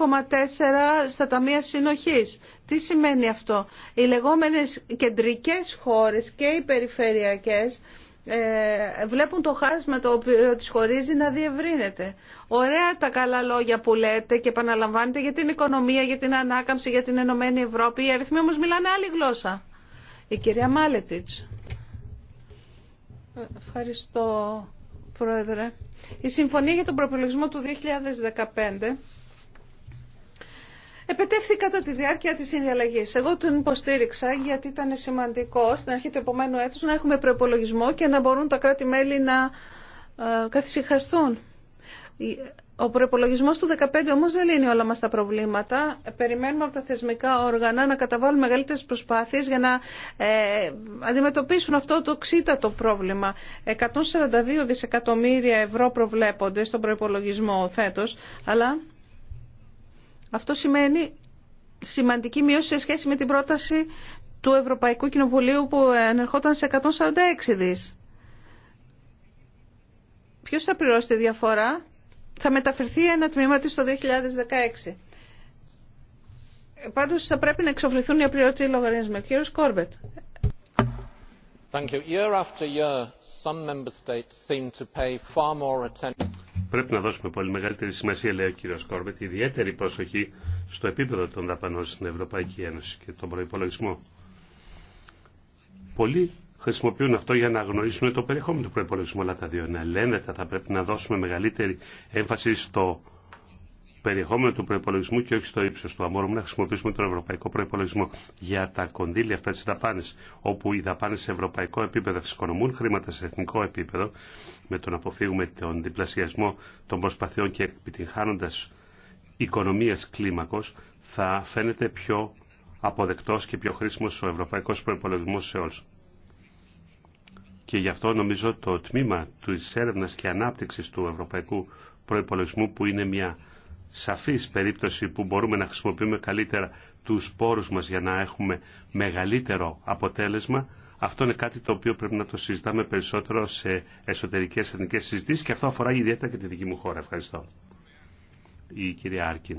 στα ταμεία συνοχής. Τι σημαίνει αυτό. Οι λεγόμενες κεντρικές χώρες και οι περιφερειακές ε, βλέπουν το χάσμα το οποίο τις χωρίζει να διευρύνεται. Ωραία τα καλά λόγια που λέτε και επαναλαμβάνετε για την οικονομία, για την ανάκαμψη, για την Ενωμένη Ευρώπη. Οι αριθμοί όμως μιλάνε άλλη γλώσσα. Η κυρία Μάλετιτς. Ευχαριστώ, Πρόεδρε. Η Συμφωνία για τον Προπολογισμό του 2015 επετεύθη κατά τη διάρκεια της συνδιαλλαγής. Εγώ τον υποστήριξα γιατί ήταν σημαντικό στην αρχή του επομένου έτου, να έχουμε προπολογισμό και να μπορούν τα κράτη-μέλη να ε, καθησυχαστούν. Ο προπολογισμό του 2015 όμω δεν λύνει όλα μα τα προβλήματα. Περιμένουμε από τα θεσμικά όργανα να καταβάλουν μεγαλύτερε προσπάθειε για να ε, αντιμετωπίσουν αυτό το ξύτατο πρόβλημα. 142 δισεκατομμύρια ευρώ προβλέπονται στον προπολογισμό φέτο, αλλά αυτό σημαίνει σημαντική μείωση σε σχέση με την πρόταση του Ευρωπαϊκού Κοινοβουλίου που ανερχόταν σε 146 δις. Ποιος θα πληρώσει τη διαφορά? Θα μεταφερθεί ένα τμήμα της το 2016. Πάντως θα πρέπει να εξοφληθούν οι απληρωτοί λογαριασμοί. Κύριος κορβέτ. Thank you. Year after year, some member states seem to pay far more attention πρέπει να δώσουμε πολύ μεγαλύτερη σημασία, λέει ο κύριο Κόρμπετ, ιδιαίτερη προσοχή στο επίπεδο των δαπανών στην Ευρωπαϊκή Ένωση και τον προπολογισμό. Πολλοί χρησιμοποιούν αυτό για να γνωρίσουν το περιεχόμενο του προπολογισμού, αλλά τα δύο είναι Θα πρέπει να δώσουμε μεγαλύτερη έμφαση στο περιεχόμενο του προπολογισμού και όχι στο ύψο του. Αν μπορούμε να χρησιμοποιήσουμε τον ευρωπαϊκό προπολογισμό για τα κονδύλια αυτά τη δαπάνη, όπου οι δαπάνε σε ευρωπαϊκό επίπεδο εξοικονομούν χρήματα σε εθνικό επίπεδο, με τον αποφύγουμε τον διπλασιασμό των προσπαθειών και επιτυγχάνοντα οικονομία κλίμακο, θα φαίνεται πιο αποδεκτό και πιο χρήσιμο ο ευρωπαϊκό προπολογισμό σε όλου. Και γι' αυτό νομίζω το τμήμα τη έρευνα και ανάπτυξη του ευρωπαϊκού προπολογισμού που είναι μια σαφής περίπτωση που μπορούμε να χρησιμοποιούμε καλύτερα τους πόρους μας για να έχουμε μεγαλύτερο αποτέλεσμα, αυτό είναι κάτι το οποίο πρέπει να το συζητάμε περισσότερο σε εσωτερικές εθνικές συζητήσεις και αυτό αφορά ιδιαίτερα και τη δική μου χώρα. Ευχαριστώ. Η κυρία Άρκιν.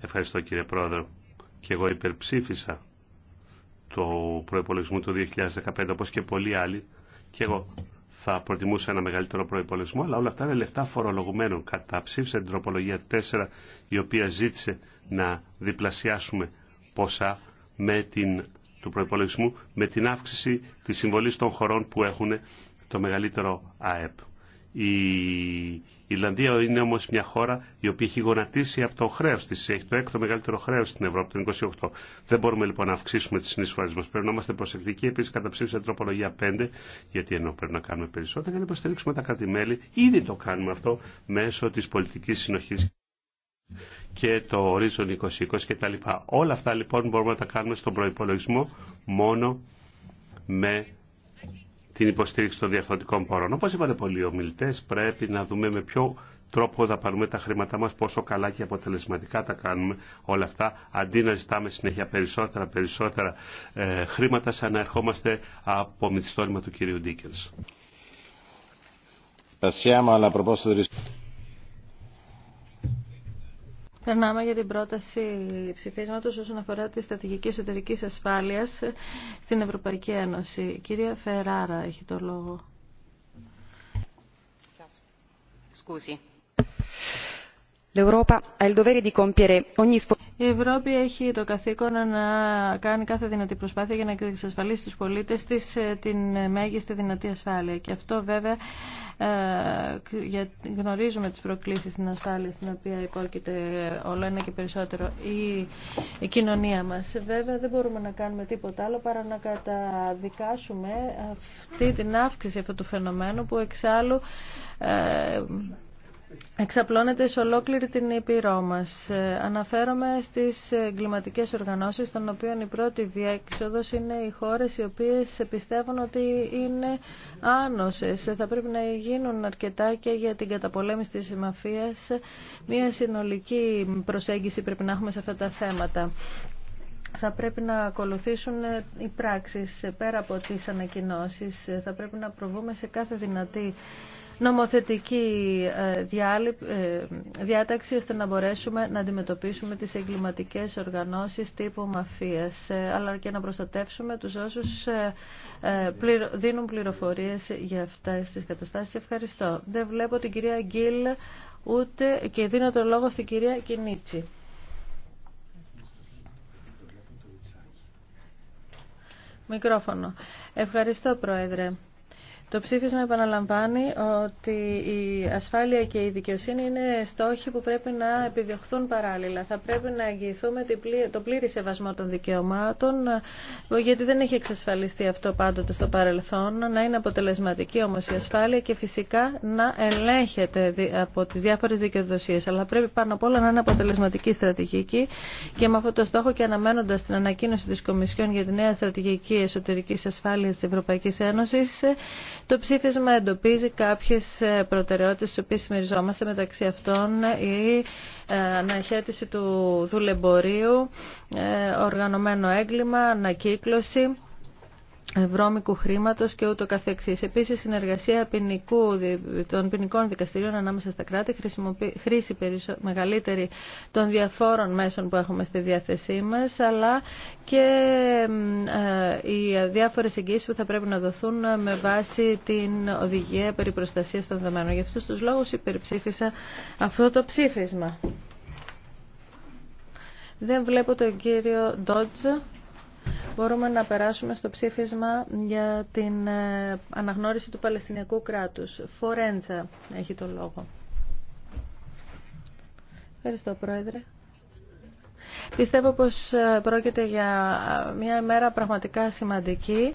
Ευχαριστώ κύριε Πρόεδρο. Και εγώ υπερψήφισα το προϋπολογισμό του 2015 όπως και πολλοί άλλοι και εγώ θα προτιμούσε ένα μεγαλύτερο προπολογισμό, αλλά όλα αυτά είναι λεφτά φορολογουμένων. Καταψήφισε την τροπολογία 4, η οποία ζήτησε να διπλασιάσουμε ποσά με την, του προπολογισμού με την αύξηση τη συμβολή των χωρών που έχουν το μεγαλύτερο ΑΕΠ. Η Ιρλανδία είναι όμω μια χώρα η οποία έχει γονατίσει από το χρέο τη. Έχει το έκτο μεγαλύτερο χρέο στην Ευρώπη, το 28. Δεν μπορούμε λοιπόν να αυξήσουμε τι συνεισφορέ μα. Πρέπει να είμαστε προσεκτικοί. Επίση, καταψήφισα τροπολογία 5, γιατί ενώ πρέπει να κάνουμε περισσότερα για να υποστηρίξουμε τα κράτη-μέλη. Ήδη το κάνουμε αυτό μέσω τη πολιτική συνοχή και το Ορίζον 2020 κτλ. Όλα αυτά λοιπόν μπορούμε να τα κάνουμε στον προπολογισμό μόνο με την υποστήριξη των διαφορετικών πόρων. Όπως είπαν πολλοί ομιλητέ, πρέπει να δούμε με ποιο τρόπο θα πάρουμε τα χρήματά μας, πόσο καλά και αποτελεσματικά τα κάνουμε όλα αυτά, αντί να ζητάμε συνέχεια περισσότερα, περισσότερα ε, χρήματα, σαν να ερχόμαστε από μυθιστόρημα του κυρίου Ντίκενς. Περνάμε για την πρόταση ψηφίσματος όσον αφορά τη στρατηγική εσωτερικής ασφάλειας στην Ευρωπαϊκή Ένωση. κυρία Φεράρα έχει το λόγο η ευρώπη έχει το καθήκον να κάνει κάθε δυνατή προσπάθεια για να εξασφαλίσει στους πολίτες της ε, την μέγιστη δυνατή ασφάλεια και αυτό βέβαια ε, γνωρίζουμε τις προκλήσεις στην ασφάλεια στην οποία υπόκειται όλο ένα και περισσότερο η κοινωνία μας. Βέβαια δεν μπορούμε να κάνουμε τίποτα άλλο παρά να καταδικάσουμε αυτή την αύξηση αυτού του φαινομένου που εξάλλου ε, εξαπλώνεται σε ολόκληρη την Ήπειρό μας. Ε, αναφέρομαι στι εγκληματικέ οργανώσει, των οποίων η πρώτη διέξοδο είναι οι χώρε οι οποίε πιστεύουν ότι είναι άνοσες. Θα πρέπει να γίνουν αρκετά και για την καταπολέμηση της μαφίας. Μία συνολική προσέγγιση πρέπει να έχουμε σε αυτά τα θέματα θα πρέπει να ακολουθήσουν ε, οι πράξεις ε, πέρα από τις ανακοινώσεις. Θα πρέπει να προβούμε σε κάθε δυνατή νομοθετική ε, ε, διάταξη ώστε να μπορέσουμε να αντιμετωπίσουμε τις εγκληματικές οργανώσεις τύπου μαφίας ε, αλλά και να προστατεύσουμε τους όσους δίνουν πληροφορίες για αυτές τις καταστάσεις. Ευχαριστώ. Δεν βλέπω την κυρία Γκίλ ούτε και δίνω το λόγο στην κυρία Κινίτσι. Μικρόφωνο. Ευχαριστώ, Πρόεδρε. Το ψήφισμα επαναλαμβάνει ότι η ασφάλεια και η δικαιοσύνη είναι στόχοι που πρέπει να επιδιωχθούν παράλληλα. Θα πρέπει να εγγυηθούμε το πλήρη σεβασμό των δικαιωμάτων, γιατί δεν έχει εξασφαλιστεί αυτό πάντοτε στο παρελθόν, να είναι αποτελεσματική όμω η ασφάλεια και φυσικά να ελέγχεται από τι διάφορε δικαιοδοσίε. Αλλά πρέπει πάνω απ' όλα να είναι αποτελεσματική στρατηγική και με αυτό το στόχο και αναμένοντα την ανακοίνωση τη Κομισιόν για τη νέα στρατηγική εσωτερική ασφάλεια τη Ευρωπαϊκή Ένωση, το ψήφισμα εντοπίζει κάποιες ε, προτεραιότητες στις οποίες συμμεριζόμαστε μεταξύ αυτών η ε, αναχέτηση του δουλεμπορίου, ε, οργανωμένο έγκλημα, ανακύκλωση βρώμικου χρήματος και ούτω καθεξής. Επίσης, συνεργασία ποινικού, των ποινικών δικαστηρίων ανάμεσα στα κράτη, χρήση μεγαλύτερη των διαφόρων μέσων που έχουμε στη διάθεσή μας, αλλά και ε, οι διάφορες εγγύσεις που θα πρέπει να δοθούν με βάση την οδηγία περί προστασίας των δεδομένων. Γι' αυτούς τους λόγους υπερψήφισα αυτό το ψήφισμα. Δεν βλέπω τον κύριο Ντότζ μπορούμε να περάσουμε στο ψήφισμα για την ε, αναγνώριση του Παλαιστινιακού κράτους. Φορέντσα έχει το λόγο. Ευχαριστώ, Πρόεδρε. Πιστεύω πως ε, πρόκειται για ε, μια μέρα πραγματικά σημαντική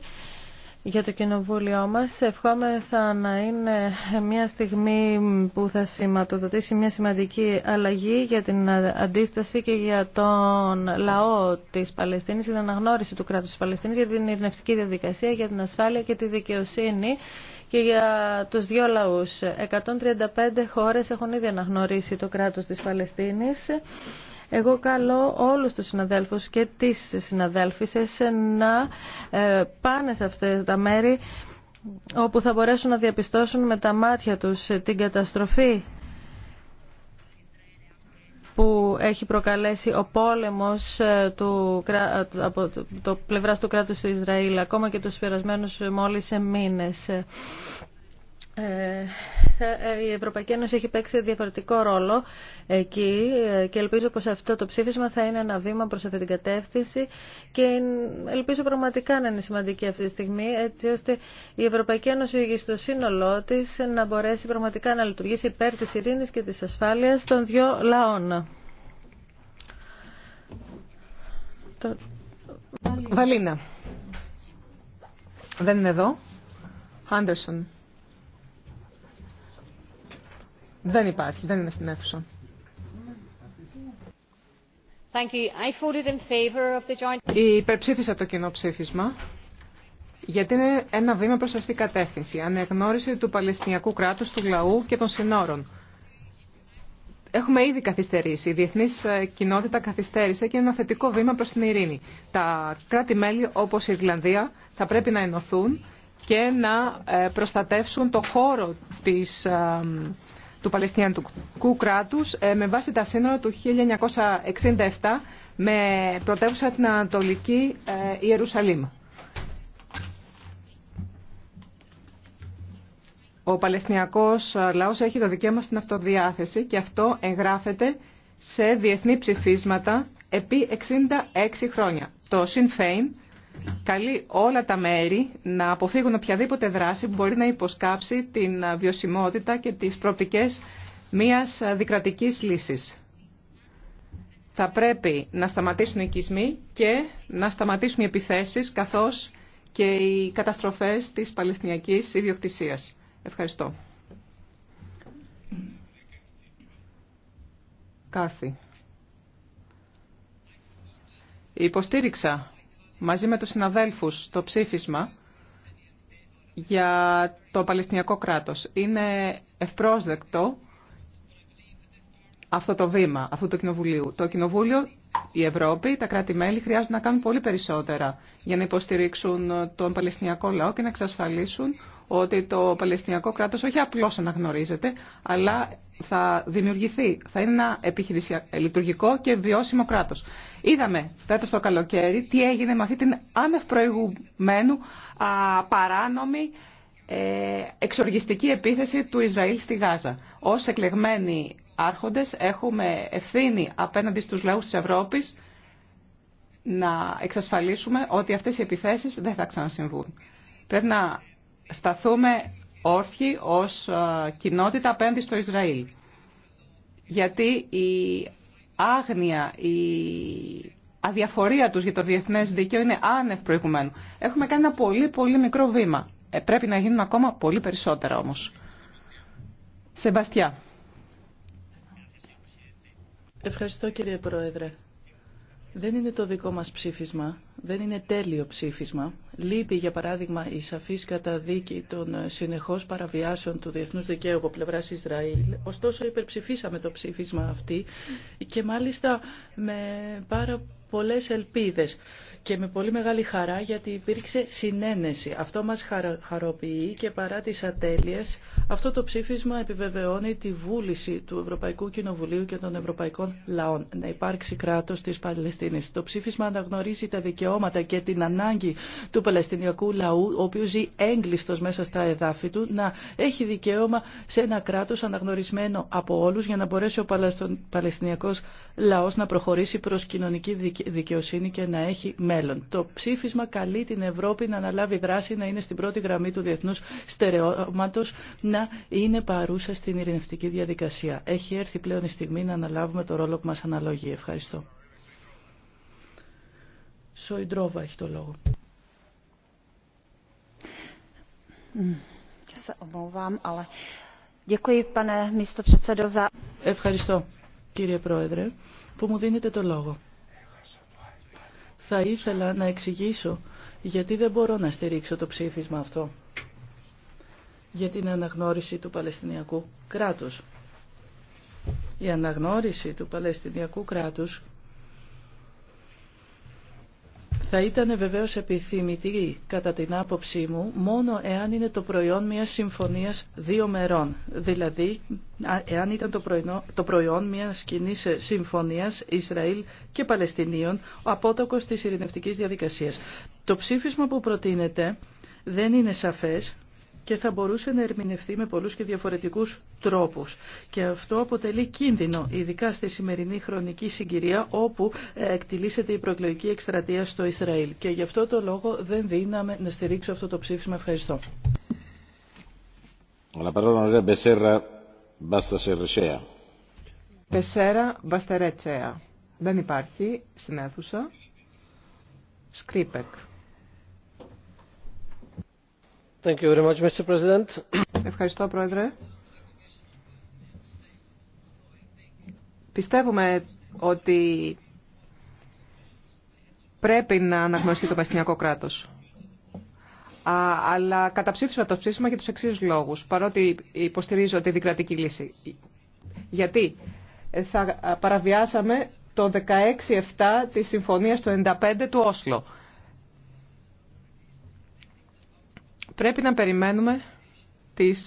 για το κοινοβούλιο μας. Ευχόμεθα να είναι μια στιγμή που θα σηματοδοτήσει μια σημαντική αλλαγή για την αντίσταση και για τον λαό της Παλαιστίνης, για την αναγνώριση του κράτους της Παλαιστίνης, για την ειρηνευτική διαδικασία, για την ασφάλεια και τη δικαιοσύνη και για τους δύο λαούς. 135 χώρες έχουν ήδη αναγνωρίσει το κράτος της Παλαιστίνης. Εγώ καλώ όλους τους συναδέλφους και τις συναδέλφισες να ε, πάνε σε αυτές τα μέρη όπου θα μπορέσουν να διαπιστώσουν με τα μάτια τους την καταστροφή που έχει προκαλέσει ο πόλεμος ε, του, από το πλευράς του κράτους του Ισραήλ, ακόμα και τους περασμένους μόλις μήνες. Ε, ε, η Ευρωπαϊκή Ένωση έχει παίξει διαφορετικό ρόλο εκεί ε, και ελπίζω πως αυτό το ψήφισμα θα είναι ένα βήμα προς αυτή την κατεύθυνση και ελπίζω πραγματικά να είναι σημαντική αυτή τη στιγμή έτσι ώστε η Ευρωπαϊκή Ένωση στο σύνολό της να μπορέσει πραγματικά να λειτουργήσει υπέρ της ειρήνης και της ασφάλειας των δύο λαών. Βαλίνα. Δεν είναι εδώ. Δεν υπάρχει, δεν είναι στην αίθουσα. Thank Υπερψήφισα το κοινό ψήφισμα γιατί είναι ένα βήμα προς αυτή κατεύθυνση. Ανεγνώριση του Παλαιστινιακού κράτους, του λαού και των συνόρων. Έχουμε ήδη καθυστερήσει. Η διεθνή ε, κοινότητα καθυστέρησε και είναι ένα θετικό βήμα προς την ειρήνη. Τα κράτη-μέλη όπως η Ιρλανδία θα πρέπει να ενωθούν και να ε, προστατεύσουν το χώρο της ε, του Παλαιστινιακού κράτου ε, με βάση τα σύνορα του 1967 με πρωτεύουσα την Ανατολική ε, Ιερουσαλήμ. Ο Παλαιστινιακός ε, λαός έχει το δικαίωμα στην αυτοδιάθεση και αυτό εγγράφεται σε διεθνή ψηφίσματα επί 66 χρόνια. Το Sinn καλεί όλα τα μέρη να αποφύγουν οποιαδήποτε δράση που μπορεί να υποσκάψει την βιωσιμότητα και τις προοπτικές μιας δικρατικής λύσης. Θα πρέπει να σταματήσουν οι οικισμοί και να σταματήσουν οι επιθέσεις καθώς και οι καταστροφές της Παλαιστινιακής ιδιοκτησίας. Ευχαριστώ. Κάρθη. Υποστήριξα μαζί με τους συναδέλφους το ψήφισμα για το Παλαιστινιακό κράτος. Είναι ευπρόσδεκτο αυτό το βήμα αυτού του Κοινοβουλίου. Το Κοινοβούλιο, η Ευρώπη, τα κράτη-μέλη χρειάζονται να κάνουν πολύ περισσότερα για να υποστηρίξουν τον Παλαιστινιακό λαό και να εξασφαλίσουν ότι το Παλαιστινιακό κράτος όχι απλώς αναγνωρίζεται, αλλά θα δημιουργηθεί, θα είναι ένα λειτουργικό και βιώσιμο κράτο. Είδαμε φέτο το καλοκαίρι τι έγινε με αυτή την άνευ προηγουμένου παράνομη ε, εξοργιστική επίθεση του Ισραήλ στη Γάζα. Ω εκλεγμένοι άρχοντες έχουμε ευθύνη απέναντι στους λαού τη Ευρώπη να εξασφαλίσουμε ότι αυτές οι επιθέσεις δεν θα ξανασυμβούν. Πρέπει να σταθούμε όρθιοι ως ε, κοινότητα απέναντι στο Ισραήλ. Γιατί η άγνοια, η αδιαφορία τους για το διεθνές δίκαιο είναι άνευ προηγουμένου. Έχουμε κάνει ένα πολύ πολύ μικρό βήμα. Ε, πρέπει να γίνουν ακόμα πολύ περισσότερα όμως. Σεμπαστιά. Ευχαριστώ κύριε Πρόεδρε. Δεν είναι το δικό μας ψήφισμα, δεν είναι τέλειο ψήφισμα. Λείπει, για παράδειγμα, η σαφής καταδίκη των ε, συνεχώς παραβιάσεων του διεθνούς δικαίου από πλευράς Ισραήλ. Ωστόσο, υπερψηφίσαμε το ψήφισμα αυτή και μάλιστα με πάρα πολλές ελπίδες και με πολύ μεγάλη χαρά γιατί υπήρξε συνένεση. Αυτό μας χαροποιεί και παρά τις ατέλειες αυτό το ψήφισμα επιβεβαιώνει τη βούληση του Ευρωπαϊκού Κοινοβουλίου και των Ευρωπαϊκών λαών να υπάρξει κράτος της Παλαιστίνης. Το ψήφισμα αναγνωρίζει τα δικαιώματα και την ανάγκη του Παλαιστινιακού λαού, ο οποίος ζει έγκλειστος μέσα στα εδάφη του, να έχει δικαίωμα σε ένα κράτος αναγνωρισμένο από όλους για να μπορέσει ο Παλαιστινιακός λαός να προχωρήσει προς κοινωνική δικαιοσύνη και να έχει μέλλον. Το ψήφισμα καλεί την Ευρώπη να αναλάβει δράση, να είναι στην πρώτη γραμμή του διεθνού στερεώματο, να είναι παρούσα στην ειρηνευτική διαδικασία. Έχει έρθει πλέον η στιγμή να αναλάβουμε το ρόλο που μα αναλογεί. Ευχαριστώ. Σοϊντρόβα έχει το λόγο. Mm, Ευχαριστώ κύριε Πρόεδρε που μου δίνετε το λόγο θα ήθελα να εξηγήσω γιατί δεν μπορώ να στηρίξω το ψήφισμα αυτό για την αναγνώριση του Παλαιστινιακού κράτους. Η αναγνώριση του Παλαιστινιακού κράτους θα ήταν βεβαίω επιθυμητή, κατά την άποψή μου, μόνο εάν είναι το προϊόν μιας συμφωνίας δύο μερών. Δηλαδή, εάν ήταν το, πρωινό, το προϊόν μιας κοινή συμφωνίας Ισραήλ και Παλαιστινίων, ο απότοκος της ειρηνευτική διαδικασίας. Το ψήφισμα που προτείνεται δεν είναι σαφές και θα μπορούσε να ερμηνευτεί με πολλούς και διαφορετικούς τρόπους. Και αυτό αποτελεί κίνδυνο, ειδικά στη σημερινή χρονική συγκυρία όπου ε, εκτιλήσεται η προεκλογική εκστρατεία στο Ισραήλ. Και γι' αυτό το λόγο δεν δίναμε να στηρίξω αυτό το ψήφισμα. Ευχαριστώ. La parola Δεν υπάρχει στην αίθουσα. Σκρίπεκ. Ευχαριστώ, Πρόεδρε. Πιστεύουμε ότι πρέπει να αναγνωριστεί το Παστινιακό κράτος. αλλά καταψήφισα το ψήφισμα για τους εξής λόγους, παρότι υποστηρίζω τη δικρατική λύση. Γιατί ε, θα παραβιάσαμε το 16-7 της συμφωνίας του 95 του Όσλο. Πρέπει να περιμένουμε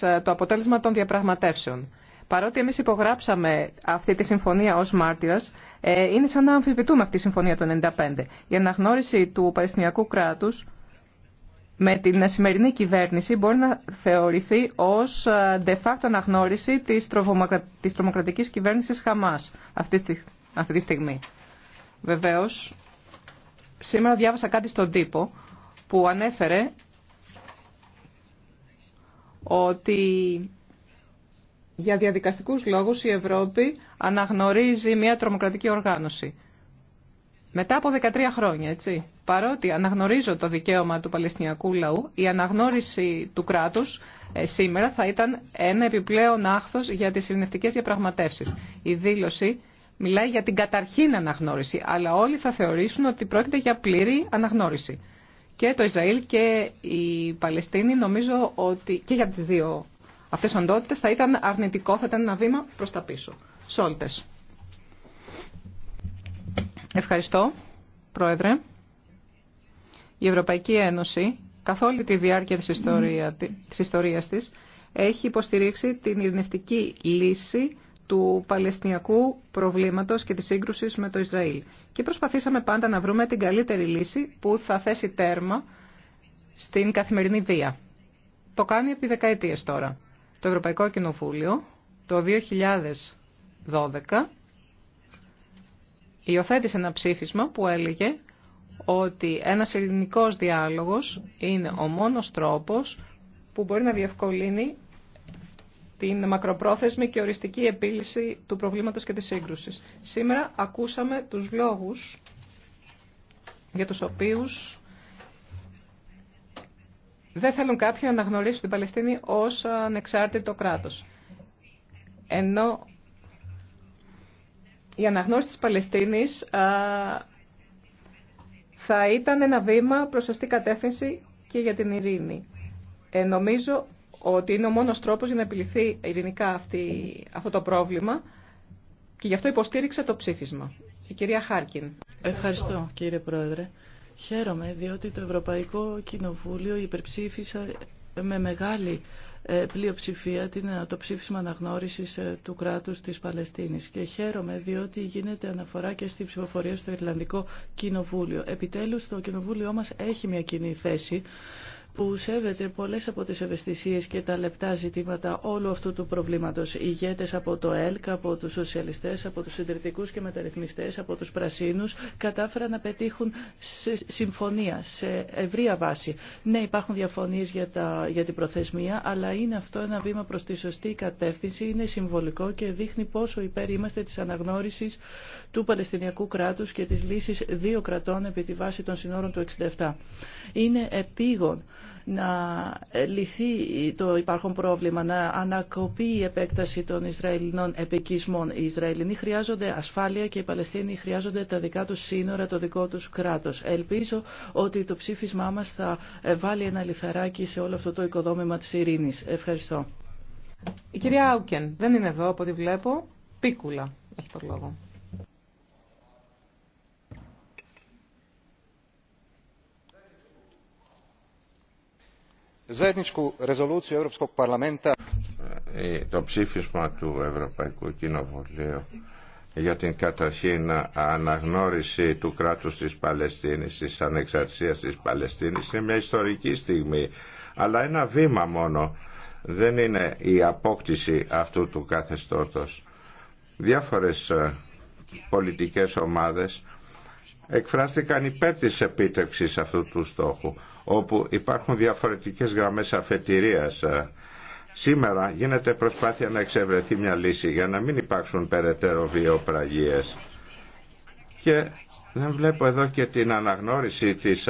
ε, το αποτέλεσμα των διαπραγματεύσεων. Παρότι εμείς υπογράψαμε αυτή τη συμφωνία ως μάρτυρας, ε, είναι σαν να αμφιβητούμε αυτή τη συμφωνία το 1995. Η αναγνώριση του Παλαιστινιακού κράτους με την σημερινή κυβέρνηση μπορεί να θεωρηθεί ως ε, de facto αναγνώριση της, της τρομοκρατικής κυβέρνησης Χαμάς αυτή τη στιγμή. Βεβαίως, σήμερα διάβασα κάτι στον τύπο που ανέφερε ότι για διαδικαστικούς λόγους η Ευρώπη αναγνωρίζει μια τρομοκρατική οργάνωση. Μετά από 13 χρόνια, έτσι, παρότι αναγνωρίζω το δικαίωμα του Παλαιστινιακού λαού, η αναγνώριση του κράτους ε, σήμερα θα ήταν ένα επιπλέον άχθος για τις ειρηνευτικές διαπραγματεύσεις. Η δήλωση μιλάει για την καταρχήν αναγνώριση, αλλά όλοι θα θεωρήσουν ότι πρόκειται για πλήρη αναγνώριση και το Ισραήλ και η Παλαιστίνη νομίζω ότι και για τις δύο αυτές οντότητες θα ήταν αρνητικό, θα ήταν ένα βήμα προς τα πίσω. Σόλτες. Ευχαριστώ, Πρόεδρε. Η Ευρωπαϊκή Ένωση, καθ' όλη τη διάρκεια της, ιστορία, της ιστορίας της, έχει υποστηρίξει την ειρηνευτική λύση του Παλαιστινιακού προβλήματος και της σύγκρουση με το Ισραήλ. Και προσπαθήσαμε πάντα να βρούμε την καλύτερη λύση που θα θέσει τέρμα στην καθημερινή βία. Το κάνει επί δεκαετίε τώρα. Το Ευρωπαϊκό Κοινοβούλιο το 2012 υιοθέτησε ένα ψήφισμα που έλεγε ότι ένας ειρηνικός διάλογος είναι ο μόνος τρόπος που μπορεί να διευκολύνει την μακροπρόθεσμη και οριστική επίλυση του προβλήματος και της σύγκρουσης. Σήμερα ακούσαμε τους λόγους για τους οποίους δεν θέλουν κάποιοι να αναγνωρίσουν την Παλαιστίνη ως ανεξάρτητο κράτος. Ενώ η αναγνώριση της Παλαιστίνης θα ήταν ένα βήμα προς σωστή κατεύθυνση και για την ειρήνη. Ε, ότι είναι ο μόνος τρόπος για να επιληθεί ειρηνικά αυτή, αυτό το πρόβλημα και γι' αυτό υποστήριξα το ψήφισμα. Η κυρία Χάρκιν. Ευχαριστώ κύριε Πρόεδρε. Χαίρομαι διότι το Ευρωπαϊκό Κοινοβούλιο υπερψήφισε με μεγάλη ε, πλειοψηφία ε, το ψήφισμα αναγνώρισης ε, του κράτους της Παλαιστίνης. Και χαίρομαι διότι γίνεται αναφορά και στη ψηφοφορία στο Ιρλανδικό Κοινοβούλιο. Επιτέλους το Κοινοβούλιο μας έχει μια κοινή θέση που σέβεται πολλές από τις ευαισθησίες και τα λεπτά ζητήματα όλου αυτού του προβλήματος. Ηγέτες από το ΕΛΚ, από τους σοσιαλιστές, από τους συντηρητικούς και μεταρρυθμιστές, από τους πρασίνους, κατάφεραν να πετύχουν σε συμφωνία, σε ευρία βάση. Ναι, υπάρχουν διαφωνίες για, για την προθεσμία, αλλά είναι αυτό ένα βήμα προς τη σωστή κατεύθυνση, είναι συμβολικό και δείχνει πόσο υπέρ είμαστε της αναγνώρισης του Παλαιστινιακού κράτους και της λύσης δύο κρατών επί τη βάση των συνόρων του 67. Είναι επίγον να λυθεί το υπάρχον πρόβλημα, να ανακοπεί η επέκταση των Ισραηλινών επικισμών. Οι Ισραηλινοί χρειάζονται ασφάλεια και οι Παλαιστίνοι χρειάζονται τα δικά τους σύνορα, το δικό τους κράτος. Ελπίζω ότι το ψήφισμά μας θα βάλει ένα λιθαράκι σε όλο αυτό το οικοδόμημα της ειρήνης. Ευχαριστώ. Η κυρία Άουκεν δεν είναι εδώ από ό,τι βλέπω. Πίκουλα έχει το λόγο. Ε, το ψήφισμα του Ευρωπαϊκού Κοινοβουλίου για την καταρχήν αναγνώριση του κράτους της Παλαιστίνης, της ανεξαρτησίας της Παλαιστίνης είναι μια ιστορική στιγμή, αλλά ένα βήμα μόνο δεν είναι η απόκτηση αυτού του καθεστώτος. Διάφορες ε, πολιτικές ομάδες εκφράστηκαν υπέρ της επίτευξης αυτού του στόχου όπου υπάρχουν διαφορετικές γραμμές αφετηρίας. Σήμερα γίνεται προσπάθεια να εξευρεθεί μια λύση για να μην υπάρξουν περαιτέρω βιοπραγίες. Και δεν βλέπω εδώ και την αναγνώριση της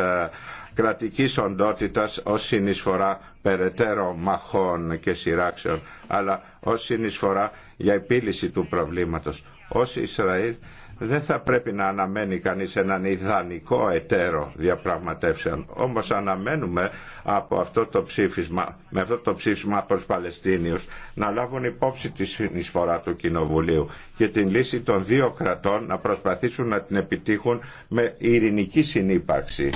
κρατικής οντότητας ως συνεισφορά περαιτέρω μαχών και σειράξεων, αλλά ως συνεισφορά για επίλυση του προβλήματος. Ως Ισραήλ δεν θα πρέπει να αναμένει κανείς έναν ιδανικό εταίρο διαπραγματεύσεων. Όμως αναμένουμε από αυτό το ψήφισμα, με αυτό το ψήφισμα από τους Παλαιστίνιους να λάβουν υπόψη τη συνεισφορά του Κοινοβουλίου και την λύση των δύο κρατών να προσπαθήσουν να την επιτύχουν με ειρηνική συνύπαρξη.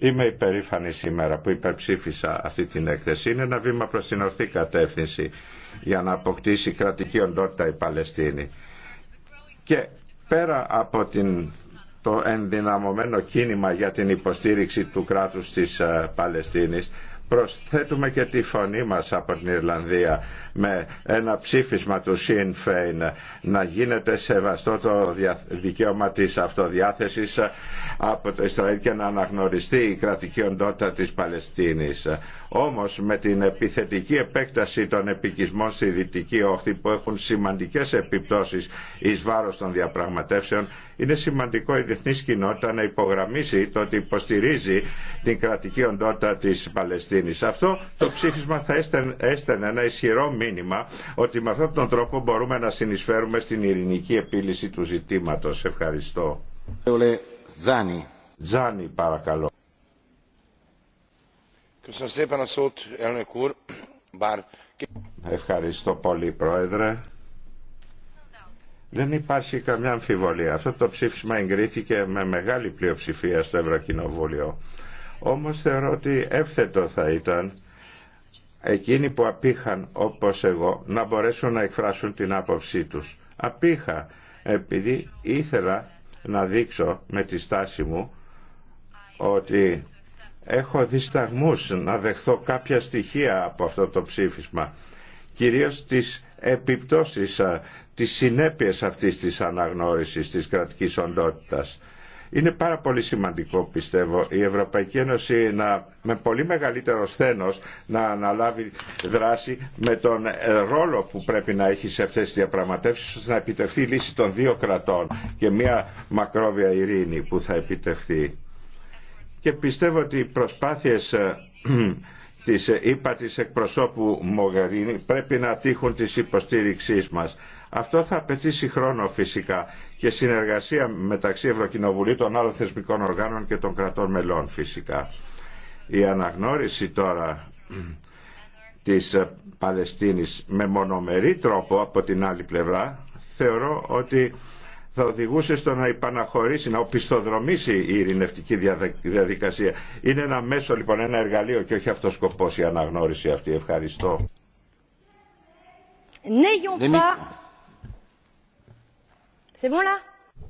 Είμαι υπερήφανη σήμερα που υπερψήφισα αυτή την έκθεση. Είναι ένα βήμα προς την ορθή κατεύθυνση για να αποκτήσει κρατική οντότητα η Παλαιστίνη. Και πέρα από την, το ενδυναμωμένο κίνημα για την υποστήριξη του κράτους της ε, Παλαιστίνης, προσθέτουμε και τη φωνή μας από την Ιρλανδία με ένα ψήφισμα του Sinn Féin να γίνεται σεβαστό το δικαίωμα της αυτοδιάθεσης ε, από το Ισραήλ και να αναγνωριστεί η κρατική οντότητα της Παλαιστίνης. Όμως με την επιθετική επέκταση των επικισμών στη Δυτική Όχθη που έχουν σημαντικές επιπτώσεις εις βάρος των διαπραγματεύσεων είναι σημαντικό η διεθνή κοινότητα να υπογραμμίσει το ότι υποστηρίζει την κρατική οντότητα της Παλαιστίνης. Αυτό το ψήφισμα θα έστενε ένα ισχυρό μήνυμα ότι με αυτόν τον τρόπο μπορούμε να συνεισφέρουμε στην ειρηνική επίλυση του ζητήματος. Ευχαριστώ. Ζάνι παρακαλώ. Ευχαριστώ πολύ Πρόεδρε. Δεν υπάρχει καμιά αμφιβολία. Αυτό το ψήφισμα εγκρίθηκε με μεγάλη πλειοψηφία στο Ευρωκοινοβούλιο. Όμως θεωρώ ότι εύθετο θα ήταν εκείνοι που απήχαν όπως εγώ να μπορέσουν να εκφράσουν την άποψή τους. Απήχα επειδή ήθελα να δείξω με τη στάση μου ότι έχω δισταγμούς να δεχθώ κάποια στοιχεία από αυτό το ψήφισμα. Κυρίως τις επιπτώσεις, τις συνέπειες αυτής της αναγνώρισης της κρατικής οντότητας. Είναι πάρα πολύ σημαντικό πιστεύω η Ευρωπαϊκή Ένωση να, με πολύ μεγαλύτερο σθένος να αναλάβει δράση με τον ε, ρόλο που πρέπει να έχει σε αυτές τις διαπραγματεύσεις ώστε να επιτευχθεί η λύση των δύο κρατών και μια μακρόβια ειρήνη που θα επιτευχθεί και πιστεύω ότι οι προσπάθειες ε, [clears throat] της ε, είπα της εκπροσώπου Μογαρίνη πρέπει να τύχουν της υποστήριξής μας. Αυτό θα απαιτήσει χρόνο φυσικά και συνεργασία μεταξύ Ευρωκοινοβουλίου των άλλων θεσμικών οργάνων και των κρατών μελών φυσικά. Η αναγνώριση τώρα [clears throat] της ε, Παλαιστίνης με μονομερή τρόπο από την άλλη πλευρά θεωρώ ότι θα οδηγούσε στο να υπαναχωρήσει, να οπισθοδρομήσει η ειρηνευτική διαδικασία. Είναι ένα μέσο λοιπόν, ένα εργαλείο και όχι αυτός σκοπό η αναγνώριση αυτή. Ευχαριστώ.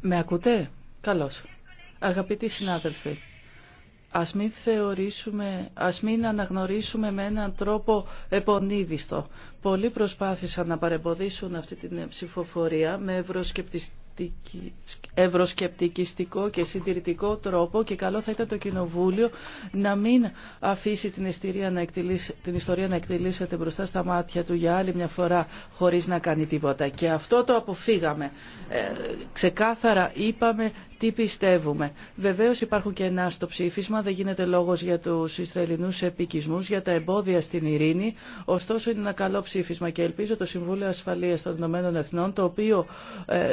Με ακούτε? Καλώς. Αγαπητοί συνάδελφοι, ας μην θεωρήσουμε, ας μην αναγνωρίσουμε με έναν τρόπο επονίδιστο. Πολλοί προσπάθησαν να παρεμποδίσουν αυτή την ψηφοφορία με ευρωσκεπτιστική ευρωσκεπτικιστικό και συντηρητικό τρόπο και καλό θα ήταν το Κοινοβούλιο να μην αφήσει την, να την ιστορία να εκτελήσεται μπροστά στα μάτια του για άλλη μια φορά χωρίς να κάνει τίποτα. Και αυτό το αποφύγαμε. Ε, ξεκάθαρα είπαμε τι πιστεύουμε. Βεβαίω υπάρχουν κενά στο ψήφισμα, δεν γίνεται λόγο για του Ισραηλινού επικισμού, για τα εμπόδια στην ειρήνη. Ωστόσο, είναι ένα καλό ψήφισμα και ελπίζω το Συμβούλιο Ασφαλεία των Ηνωμένων Εθνών, το οποίο ε,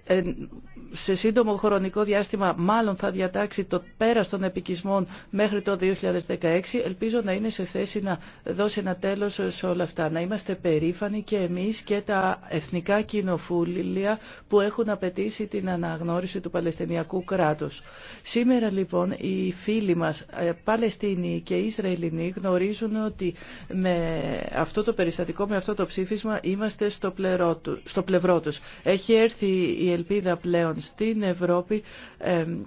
Ε, σε σύντομο χρονικό διάστημα μάλλον θα διατάξει το πέρας των επικισμών μέχρι το 2016. Ελπίζω να είναι σε θέση να δώσει ένα τέλος σε όλα αυτά. Να είμαστε περήφανοι και εμείς και τα εθνικά κοινοβούλια που έχουν απαιτήσει την αναγνώριση του Παλαιστινιακού κράτους. Σήμερα λοιπόν οι φίλοι μας ε, Παλαιστίνοι και Ισραηλινοί γνωρίζουν ότι με αυτό το περιστατικό, με αυτό το ψήφισμα είμαστε στο, πλευρό τους. Έχει έρθει η ελπίδα πλέον στην Ευρώπη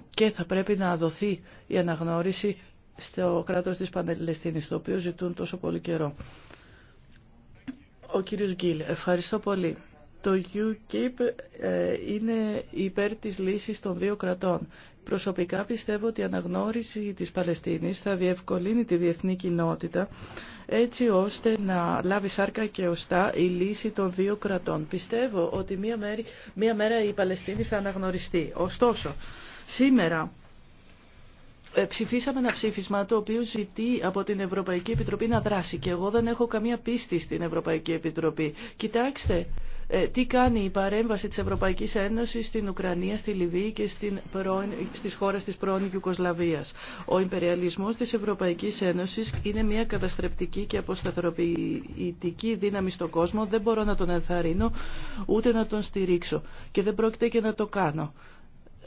και θα πρέπει να δοθεί η αναγνώριση στο κράτος της Πανελληνιστίνης, το οποίο ζητούν τόσο πολύ καιρό. Ο κύριος Γκίλ, ευχαριστώ πολύ. Το UKIP ε, είναι υπέρ της λύσης των δύο κρατών. Προσωπικά πιστεύω ότι η αναγνώριση της Παλαιστίνης θα διευκολύνει τη διεθνή κοινότητα έτσι ώστε να λάβει σάρκα και οστά η λύση των δύο κρατών. Πιστεύω ότι μία, μία μέρα η Παλαιστίνη θα αναγνωριστεί. Ωστόσο, σήμερα ε, ψηφίσαμε ένα ψήφισμα το οποίο ζητεί από την Ευρωπαϊκή Επιτροπή να δράσει και εγώ δεν έχω καμία πίστη στην Ευρωπαϊκή Επιτροπή. Κοιτάξτε ε, τι κάνει η παρέμβαση της Ευρωπαϊκής Ένωσης στην Ουκρανία, στη Λιβύη και στην πρώην, στις χώρες της πρώην Ιουκοσλαβίας. Ο υπεριαλισμός της Ευρωπαϊκής Ένωσης είναι μια καταστρεπτική και αποσταθεροποιητική δύναμη στον κόσμο. Δεν μπορώ να τον ενθαρρύνω ούτε να τον στηρίξω και δεν πρόκειται και να το κάνω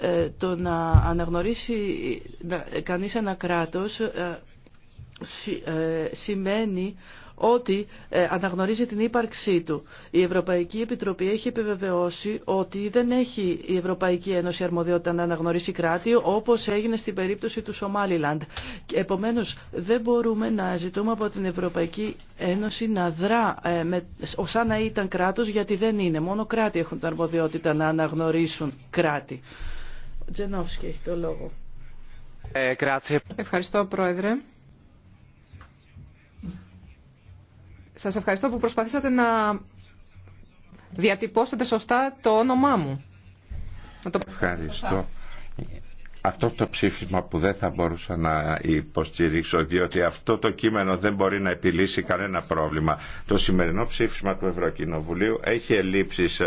ε, το να αναγνωρίσει κανείς ένα κράτος ε, σημαίνει ότι ε, αναγνωρίζει την ύπαρξή του. Η Ευρωπαϊκή Επιτροπή έχει επιβεβαιώσει ότι δεν έχει η Ευρωπαϊκή Ένωση αρμοδιότητα να αναγνωρίσει κράτη όπως έγινε στην περίπτωση του Σομάλιλαντ. Επομένως δεν μπορούμε να ζητούμε από την Ευρωπαϊκή Ένωση να δρά ε, με, σαν να ήταν κράτος γιατί δεν είναι. Μόνο κράτη έχουν την αρμοδιότητα να αναγνωρίσουν κράτη. Τζενόφσκι έχει το λόγο. Ε, Ευχαριστώ Πρόεδρε. Σας ευχαριστώ που προσπαθήσατε να διατυπώσετε σωστά το όνομά μου. Ευχαριστώ. Αυτό το ψήφισμα που δεν θα μπορούσα να υποστηρίξω, διότι αυτό το κείμενο δεν μπορεί να επιλύσει κανένα πρόβλημα. Το σημερινό ψήφισμα του Ευρωκοινοβουλίου έχει ελλείψεις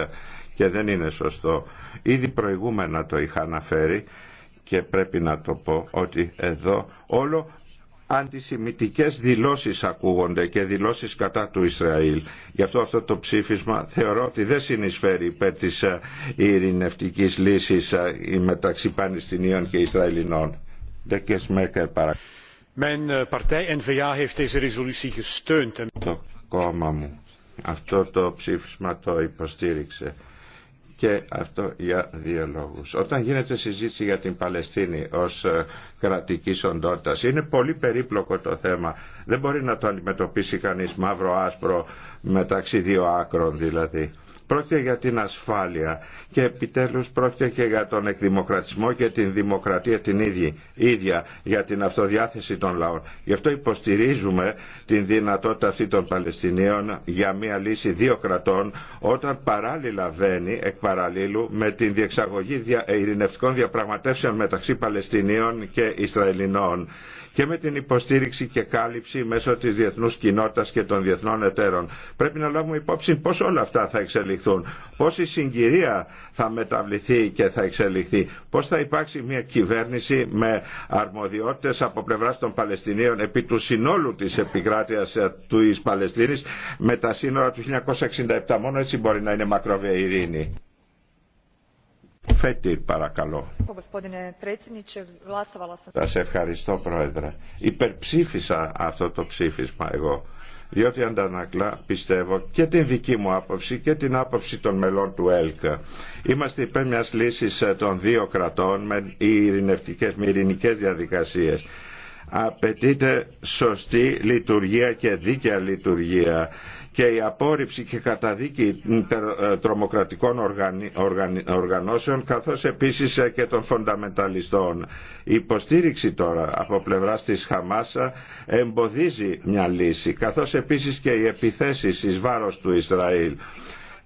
και δεν είναι σωστό. Ήδη προηγούμενα το είχα αναφέρει και πρέπει να το πω ότι εδώ όλο αντισημιτικές δηλώσεις ακούγονται και δηλώσεις κατά του Ισραήλ. Γι' αυτό αυτό το ψήφισμα θεωρώ ότι δεν συνεισφέρει υπέρ της ε, ειρηνευτικής λύσης ε, μεταξύ Πανιστινίων και Ισραηλινών. Mijn ε, partij N-VA heeft deze resolutie gesteund. Το κόμμα μου αυτό το ψήφισμα το υποστήριξε και αυτό για δύο λόγους. Όταν γίνεται συζήτηση για την Παλαιστίνη ως ε, κρατική οντότητα, είναι πολύ περίπλοκο το θέμα. Δεν μπορεί να το αντιμετωπίσει κανείς μαύρο-άσπρο μεταξύ δύο άκρων δηλαδή. Πρόκειται για την ασφάλεια και επιτέλους πρόκειται και για τον εκδημοκρατισμό και την δημοκρατία την ίδια, ίδια για την αυτοδιάθεση των λαών. Γι' αυτό υποστηρίζουμε την δυνατότητα αυτή των Παλαιστινίων για μια λύση δύο κρατών όταν παράλληλα βαίνει εκ παραλλήλου με την διεξαγωγή ειρηνευτικών διαπραγματεύσεων μεταξύ Παλαιστινίων και Ισραηλινών και με την υποστήριξη και κάλυψη μέσω της διεθνούς κοινότητας και των διεθνών εταίρων. Πρέπει να λάβουμε υπόψη πώς όλα αυτά θα εξελιχθούν, πώς η συγκυρία θα μεταβληθεί και θα εξελιχθεί, πώς θα υπάρξει μια κυβέρνηση με αρμοδιότητες από πλευράς των Παλαιστινίων επί του συνόλου της επικράτειας ε, του Παλαιστίνης με τα σύνορα του 1967. Μόνο έτσι μπορεί να είναι μακροβια ειρήνη. Φέτη, παρακαλώ. Σας ευχαριστώ, Πρόεδρε. Υπερψήφισα αυτό το ψήφισμα εγώ διότι αντανακλά πιστεύω και την δική μου άποψη και την άποψη των μελών του ΕΛΚΑ. Είμαστε υπέρ μιας λύσης ε, των δύο κρατών με ειρηνευτικές, με ειρηνικές διαδικασίες. Απαιτείται σωστή λειτουργία και δίκαια λειτουργία και η απόρριψη και καταδίκη ε, τρομοκρατικών οργανώσεων καθώς επίσης ε, και των φονταμενταλιστών. Η υποστήριξη τώρα από πλευράς της Χαμάσα ε, εμποδίζει μια λύση καθώς επίσης και οι επιθέσεις εις βάρος του Ισραήλ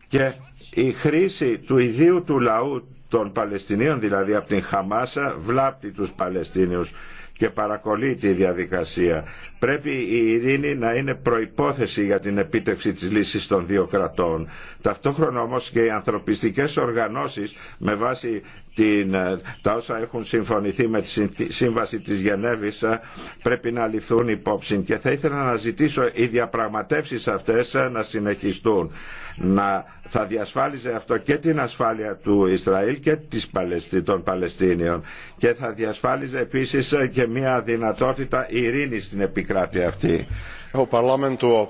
και η χρήση του ιδίου του λαού των Παλαιστινίων δηλαδή από την Χαμάσα βλάπτει τους Παλαιστίνιους και παρακολεί τη διαδικασία. Πρέπει η ειρήνη να είναι προϋπόθεση για την επίτευξη της λύσης των δύο κρατών. Ταυτόχρονα όμως και οι ανθρωπιστικές οργανώσεις με βάση την, ε, τα όσα έχουν συμφωνηθεί με τη Σύμβαση της Γενέβης ε, πρέπει να ληφθούν υπόψη και θα ήθελα να ζητήσω οι διαπραγματεύσεις αυτές ε, να συνεχιστούν. Να θα διασφάλιζε αυτό και την ασφάλεια του Ισραήλ και της των Παλαιστίνιων και θα διασφάλιζε επίσης και μια δυνατότητα ειρήνης στην επικράτηση επικράτεια αυτή.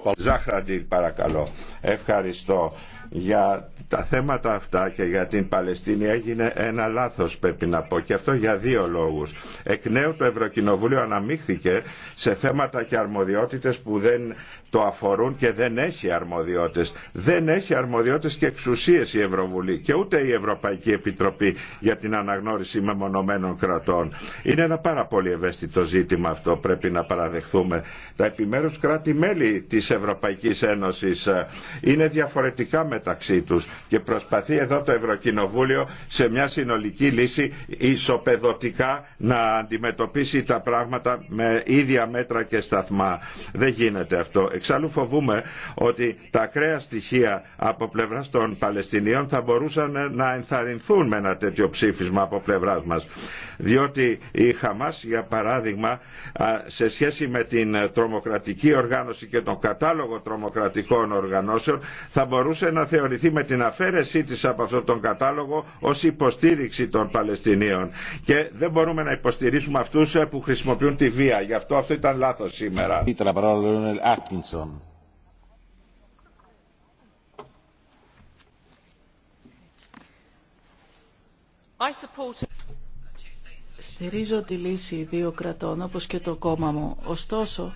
Ο Ζάχραντι παρακαλώ. Ευχαριστώ. Για τα θέματα αυτά και για την Παλαιστίνη έγινε ένα λάθος πρέπει να πω και αυτό για δύο λόγους. Εκ νέου το Ευρωκοινοβούλιο αναμίχθηκε σε θέματα και αρμοδιότητες που δεν το αφορούν και δεν έχει αρμοδιότητες. Δεν έχει αρμοδιότητες και εξουσίες η Ευρωβουλή και ούτε η Ευρωπαϊκή Επιτροπή για την αναγνώριση μεμονωμένων κρατών. Είναι ένα πάρα πολύ ευαίσθητο ζήτημα αυτό, πρέπει να παραδεχθούμε. Τα επιμέρους κράτη-μέλη της Ευρωπαϊκής Ένωσης ε, είναι διαφορετικά μεταξύ τους και προσπαθεί εδώ το Ευρωκοινοβούλιο σε μια συνολική λύση ισοπεδωτικά να αντιμετωπίσει τα πράγματα με ίδια μέτρα και σταθμά. Δεν γίνεται αυτό. Εξάλλου φοβούμε ότι τα ακραία στοιχεία από πλευρά των Παλαιστινίων θα μπορούσαν να ενθαρρυνθούν με ένα τέτοιο ψήφισμα από πλευρά μα. Διότι η Χαμά, για παράδειγμα, σε σχέση με την τρομοκρατική οργάνωση και τον κατάλογο τρομοκρατικών οργανώσεων, θα μπορούσε να θεωρηθεί με την αφαίρεσή τη από αυτόν τον κατάλογο ω υποστήριξη των Παλαιστινίων. Και δεν μπορούμε να υποστηρίξουμε αυτού που χρησιμοποιούν τη βία. Γι' αυτό αυτό ήταν λάθο σήμερα. Johnson. Στηρίζω τη λύση δύο κρατών, όπως και το κόμμα μου. Ωστόσο,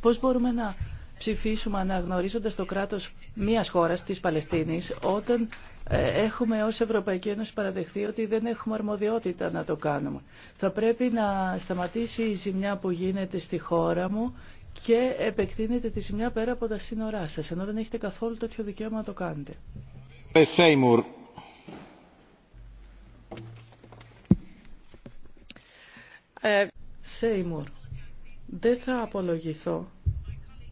πώς μπορούμε να ψηφίσουμε αναγνωρίζοντας το κράτος μιας χώρας, της Παλαιστίνης, όταν ε, έχουμε ως Ευρωπαϊκή Ένωση παραδεχθεί ότι δεν έχουμε αρμοδιότητα να το κάνουμε. Θα πρέπει να σταματήσει η ζημιά που γίνεται στη χώρα μου και επεκτείνετε τη ζημιά πέρα από τα σύνορά σας, ενώ δεν έχετε καθόλου τέτοιο δικαίωμα να το κάνετε. Ε, ε, Σέιμουρ, δεν θα απολογηθώ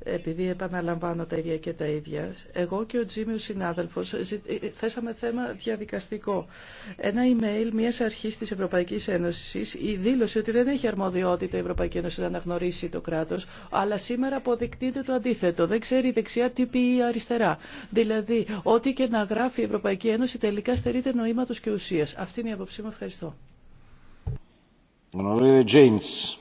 επειδή επαναλαμβάνω τα ίδια και τα ίδια, εγώ και ο Τζίμιου Συνάδελφο, συνάδελφος ε, ε, θέσαμε θέμα διαδικαστικό. Ένα email μιας αρχής της Ευρωπαϊκής Ένωσης η δήλωση ότι δεν έχει αρμοδιότητα η Ευρωπαϊκή Ένωση να αναγνωρίσει το κράτος, αλλά σήμερα αποδεικνύεται το αντίθετο. Δεν ξέρει η δεξιά τι πει η αριστερά. Δηλαδή, ό,τι και να γράφει η Ευρωπαϊκή Ένωση τελικά στερείται νοήματος και ουσίας. Αυτή είναι η αποψή μου. Ευχαριστώ. James.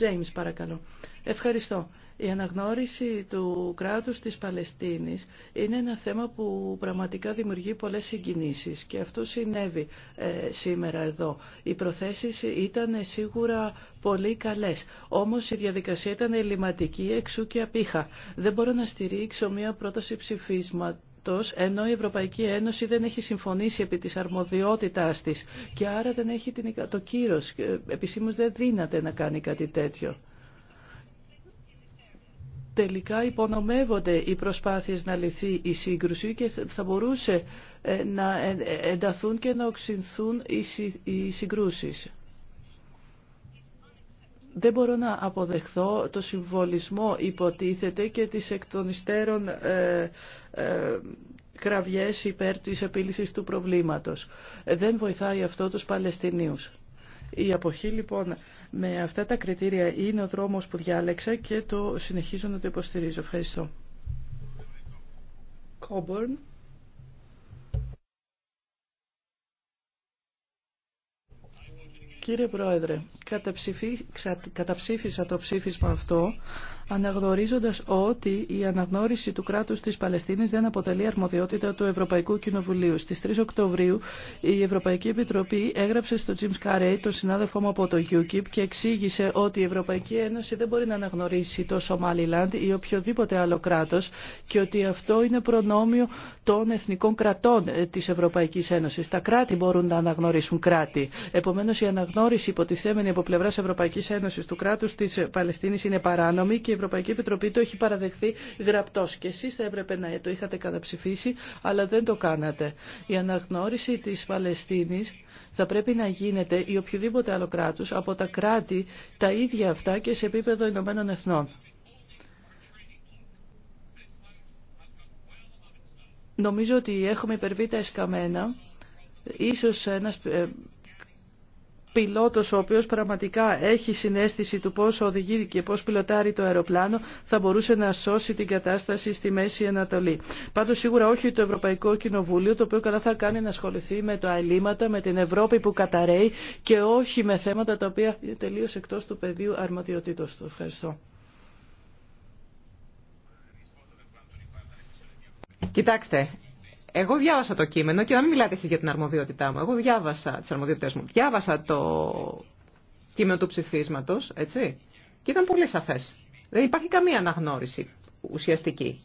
James, παρακαλώ. Ευχαριστώ. Η αναγνώριση του κράτους της Παλαιστίνης είναι ένα θέμα που πραγματικά δημιουργεί πολλές συγκινήσεις και αυτό συνέβη ε, σήμερα εδώ. Οι προθέσεις ήταν σίγουρα πολύ καλές, όμως η διαδικασία ήταν ελληματική, εξού και απήχα. Δεν μπορώ να στηρίξω μια πρόταση ψηφίσματος ενώ η Ευρωπαϊκή Ένωση δεν έχει συμφωνήσει επί της αρμοδιότητάς της και άρα δεν έχει την, το κύρος, ε, επισήμως δεν δύναται να κάνει κάτι τέτοιο τελικά υπονομεύονται οι προσπάθειες να λυθεί η σύγκρουση και θα μπορούσε ε, να ε, ε, ενταθούν και να οξυνθούν οι συγκρούσεις. Δεν μπορώ να αποδεχθώ το συμβολισμό υποτίθεται και τις εκ των υστέρων υπέρ της επίλυσης του προβλήματος. Δεν βοηθάει αυτό τους Παλαιστινίους. Η αποχή λοιπόν με αυτά τα κριτήρια είναι ο δρόμος που διάλεξα και το συνεχίζω να το υποστηρίζω. Ευχαριστώ. Coburn. Κύριε Πρόεδρε, καταψήφισα το ψήφισμα αυτό αναγνωρίζοντας ότι η αναγνώριση του κράτους της Παλαιστίνης δεν αποτελεί αρμοδιότητα του Ευρωπαϊκού Κοινοβουλίου. Στις 3 Οκτωβρίου η Ευρωπαϊκή Επιτροπή έγραψε στο Τζιμ Καρέι τον συνάδελφό μου από το UKIP, και εξήγησε ότι η Ευρωπαϊκή Ένωση δεν μπορεί να αναγνωρίσει το Σομάλιλαντ ή οποιοδήποτε άλλο κράτος και ότι αυτό είναι προνόμιο των εθνικών κρατών ε, της Ευρωπαϊκής Ένωσης. Τα κράτη μπορούν να αναγνωρίσουν κράτη. Επομένως η αναγνώριση υποτιθέμενη από πλευράς Ευρωπαϊκής Ένωσης του κράτους της Παλαιστίνης είναι παράνομη και οτι αυτο ειναι προνομιο των εθνικων κρατων της ευρωπαικης ενωσης τα κρατη μπορουν να αναγνωρισουν κρατη επομενω η αναγνωριση υποτιθεμενη απο πλευρας ευρωπαικης ενωσης του κρατους της παλαιστινης ειναι παρανομη η Ευρωπαϊκή Επιτροπή το έχει παραδεχθεί γραπτός και εσείς θα έπρεπε να το είχατε καταψηφίσει αλλά δεν το κάνατε. Η αναγνώριση της Παλαιστίνης θα πρέπει να γίνεται ή οποιοδήποτε άλλο κράτος από τα κράτη τα ίδια αυτά και σε επίπεδο Ηνωμένων Εθνών. Νομίζω ότι έχουμε υπερβεί τα εσκαμένα, Ίσως ένας ε, πιλότος ο οποίος πραγματικά έχει συνέστηση του πώς οδηγεί και πώς πιλοτάρει το αεροπλάνο θα μπορούσε να σώσει την κατάσταση στη Μέση Ανατολή. Πάντως σίγουρα όχι το Ευρωπαϊκό Κοινοβούλιο το οποίο καλά θα κάνει να ασχοληθεί με τα ελλείμματα, με την Ευρώπη που καταραίει και όχι με θέματα τα οποία είναι τελείως εκτός του πεδίου αρμοδιοτήτως του. Ευχαριστώ. Κοιτάξτε, εγώ διάβασα το κείμενο και να μην μιλάτε εσείς για την αρμοδιότητά μου. Εγώ διάβασα τι αρμοδιότητέ μου. Διάβασα το κείμενο του ψηφίσματος, έτσι, και ήταν πολύ σαφέ. Δεν υπάρχει καμία αναγνώριση ουσιαστική.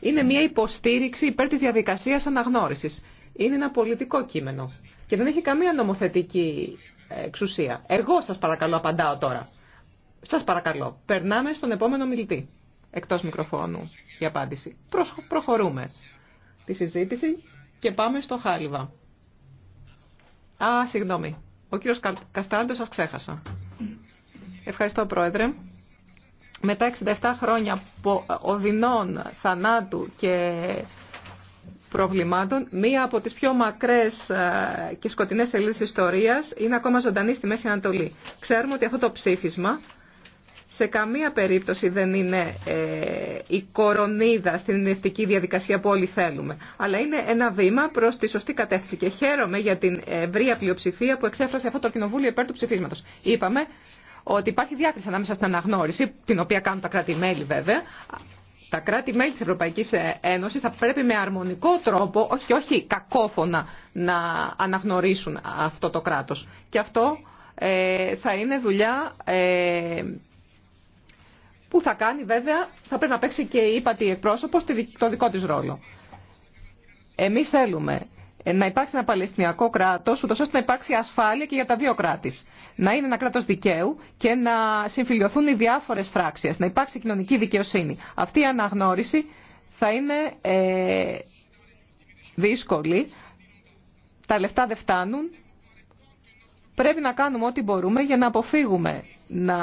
Είναι μια υποστήριξη υπέρ τη διαδικασία αναγνώριση. Είναι ένα πολιτικό κείμενο και δεν έχει καμία νομοθετική εξουσία. Εγώ σα παρακαλώ απαντάω τώρα. Σα παρακαλώ. Περνάμε στον επόμενο μιλητή. εκτό μικροφώνου η απάντηση. προχωρούμε τη συζήτηση και πάμε στο χάλιβα. Α, συγγνώμη. Ο κύριος Καστάντος σας Ευχαριστώ, Πρόεδρε. Μετά 67 χρόνια οδυνών, θανάτου και προβλημάτων, μία από τις πιο μακρές ε, και σκοτεινές σελίδες ιστορίας είναι ακόμα ζωντανή στη Μέση Ανατολή. Ξέρουμε ότι αυτό το ψήφισμα σε καμία περίπτωση δεν είναι ε, η κορονίδα στην ενευτική διαδικασία που όλοι θέλουμε. Αλλά είναι ένα βήμα προς τη σωστή κατεύθυνση και χαίρομαι για την ευρεία πλειοψηφία που εξέφρασε αυτό το κοινοβούλιο υπέρ του ψηφίσματος. Είπαμε ότι υπάρχει διάκριση ανάμεσα στην αναγνώριση, την οποία κάνουν τα κράτη-μέλη βέβαια, τα κράτη-μέλη της Ευρωπαϊκής Ένωσης θα πρέπει με αρμονικό τρόπο, όχι, όχι κακόφωνα, να αναγνωρίσουν αυτό το κράτος. Και αυτό ε, θα είναι δουλειά ε, που θα κάνει βέβαια, θα πρέπει να παίξει και η ύπατη εκπρόσωπος το δικό τη ρόλο. Εμείς θέλουμε να υπάρξει ένα Παλαιστινιακό κράτο, ούτω ώστε να υπάρξει ασφάλεια και για τα δύο κράτη. Να είναι ένα κράτο δικαίου και να συμφιλειωθούν οι διάφορε φράξει, να υπάρξει κοινωνική δικαιοσύνη. Αυτή η αναγνώριση θα είναι ε, δύσκολη. Τα λεφτά δεν φτάνουν. Πρέπει να κάνουμε ό,τι μπορούμε για να αποφύγουμε να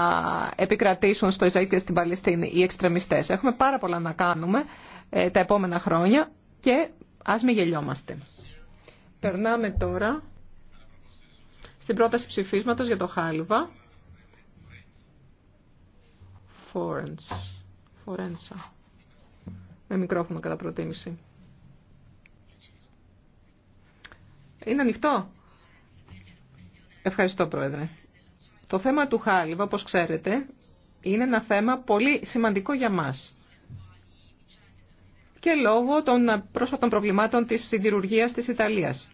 επικρατήσουν στο Ισραήλ και στην Παλαιστίνη οι εξτρεμιστές. Έχουμε πάρα πολλά να κάνουμε ε, τα επόμενα χρόνια και ας μην γελιόμαστε. Περνάμε τώρα στην πρόταση ψηφίσματος για το Χάλιβα. Φορέντσα. Με μικρόφωνο κατά προτίμηση. Είναι ανοιχτό. Ευχαριστώ, Πρόεδρε. Το θέμα του Χάλιβα, όπως ξέρετε, είναι ένα θέμα πολύ σημαντικό για μας. Και λόγω των πρόσφατων προβλημάτων της συντηρουργίας της Ιταλίας.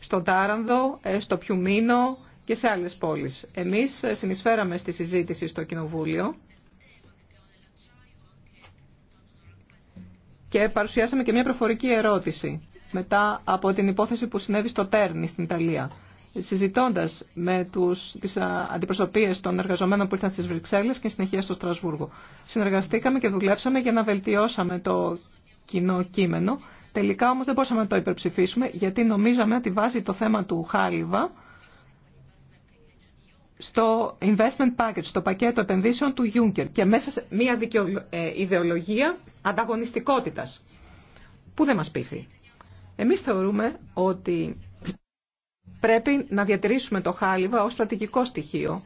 Στον Τάρανδο, ε, στο Πιουμίνο και σε άλλες πόλεις. Εμείς συνεισφέραμε στη συζήτηση στο Κοινοβούλιο και παρουσιάσαμε και μια προφορική ερώτηση μετά από την υπόθεση που συνέβη στο Τέρνη στην Ιταλία. Συζητώντα με τι τις των εργαζομένων που ήρθαν στις Βρυξέλλες και συνεχεία στο Στρασβούργο. Συνεργαστήκαμε και δουλέψαμε για να βελτιώσαμε το κοινό κείμενο. Τελικά όμως δεν μπορούσαμε να το υπερψηφίσουμε γιατί νομίζαμε ότι βάζει το θέμα του Χάλιβα στο investment package, στο πακέτο επενδύσεων του Juncker και μέσα σε μια ε, ιδεολογία ανταγωνιστικότητας που δεν μας πείθει. Εμείς θεωρούμε ότι Πρέπει να διατηρήσουμε το χάλιβα ως στρατηγικό στοιχείο